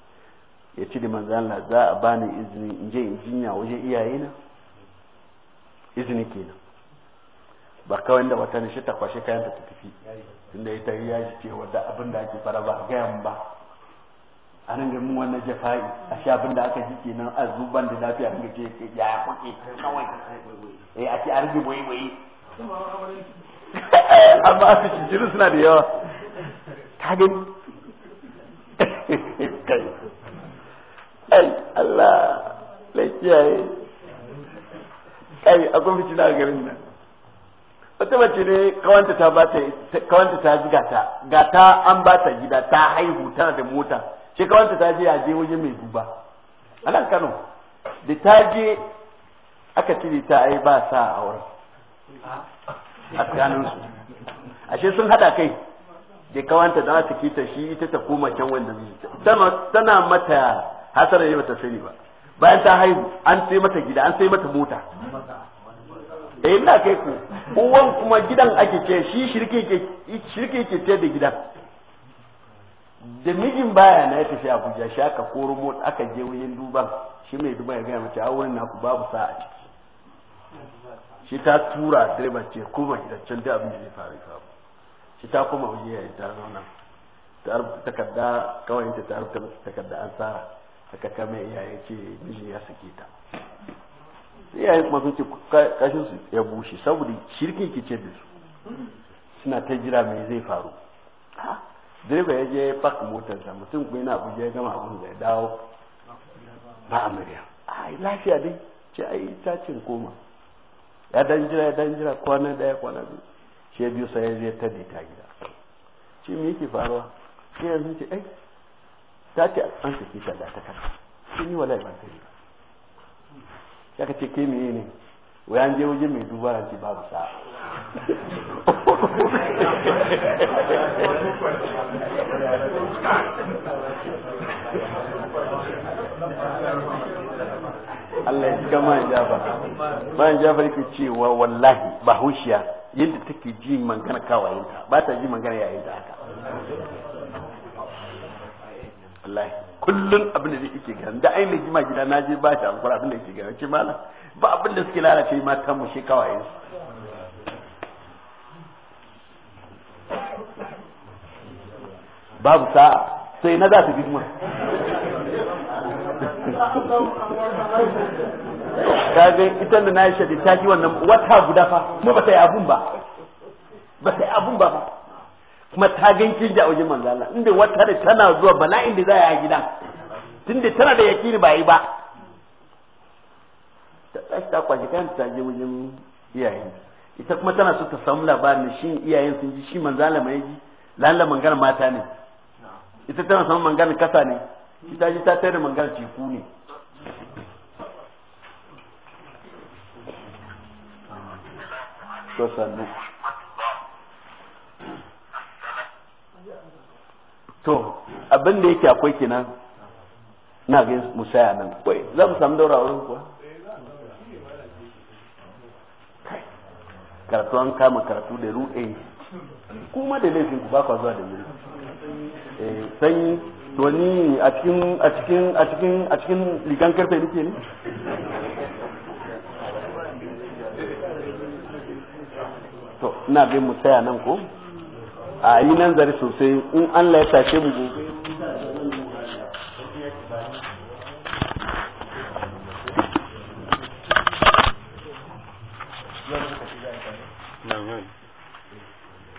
ya ci da manzala za a bani izini in je in jinya waje iyaye na izini nan ba kawai da wata nishi ta kwashe kayan ta tafi inda ita ya ji cewa da abin da ake fara ba gayan ba a nan gamin wannan jafa'i a sha abin da aka ji kenan a zuban da lafiya ga ce ya kuke kawai eh a ce a boye boye amma a cikin suna da yawa ta gani ai Allah lafiyaye kai akwai fitina a garin nan wata mace ne kawanta ta ba ta kawanta ta ji gata gata an ba ta gida ta haihu tana da mota shi kawanta ta je a je waje mai duba a nan Kano da ta je aka cire ta ai ba sa a wurin a tsakanin su ashe sun hada kai da kawanta da za ta kita shi ita ta koma can wanda zai tana mata hasara ne bata sani ba bayan ta haihu an sai mata gida an sai mata mota eh ina kai ku uwan kuma gidan ake ce shi shirke ke shirke ke ce da gidan da mijin baya na ya tafi Abuja shi aka koro mota aka je wurin duban shi mai duban ya gaya mace a wurin naku babu sa'a ciki shi ta tura direba ce kuma gidan can da abin da ya faru faru shi ta kuma waje ya yi ta zauna ta takarda kawai ta rubuta takarda an tsara haka ta mai ya ce miji ya sake ta sai yi kuma sun ce kashin su ya bushe saboda shirkin ki ce da su suna ta jira mai zai faru direba ya je park motarsa mutum kuma yana abuja ya gama abun da ya dawo ba amarya ai lafiya dai ce ai tacin koma ya dan jira ya dan jira kwana daya kwana biyu shi biyu sai ya je ta ta gida ce me yake faruwa sai yanzu ce ai ta ce an sake ta da ta kasa shi ni wallahi ban sani ba ya ka ce ke meye ne wai an je waje mai duba ranci ce babu sa Allah ya ji cika man jafar man jafar yake cewa wallahi ba hushiya yadda take ji mangana kawayenta ba ta ji mangana yayinta haka wallahi kullun abin da yake gani da ai mai jima gida na je ba shi alƙura abin da yake gani ce mala ba abin da suke lalace matan mu shi kawai babu sa'a sai na za ta bi ka ga ita da na yi shaɗi ta ji wannan wata guda fa mu ba ta yi abun ba ba ta yi abun ba fa kuma ta ganke da wajen manzo Allah inda wata da tana zuwa bala'in da za a yi tunda tana da yakini ba yi ba ta tashi ta kwashi kayan ta je wajen iyayen ita kuma tana so ta samu labarin shi iyayen sun ji shi manzo Allah mai ji lalla mangana mata ne ita tana samu mangana kasa ne ita ji ta tare mangana teku ne to to abin da yake akwai kenan na ga musaya nan kwai za mu samu daura wurin kuwa karatu an kama karatu da ruɗe kuma da laifin ku ba kwa zuwa da wuri eh, sanyi to ni a cikin a cikin a cikin a cikin ligan karfe nake ne to na ga musaya nan ko a yi nan zari sosai in Allah ya tashe mu gobe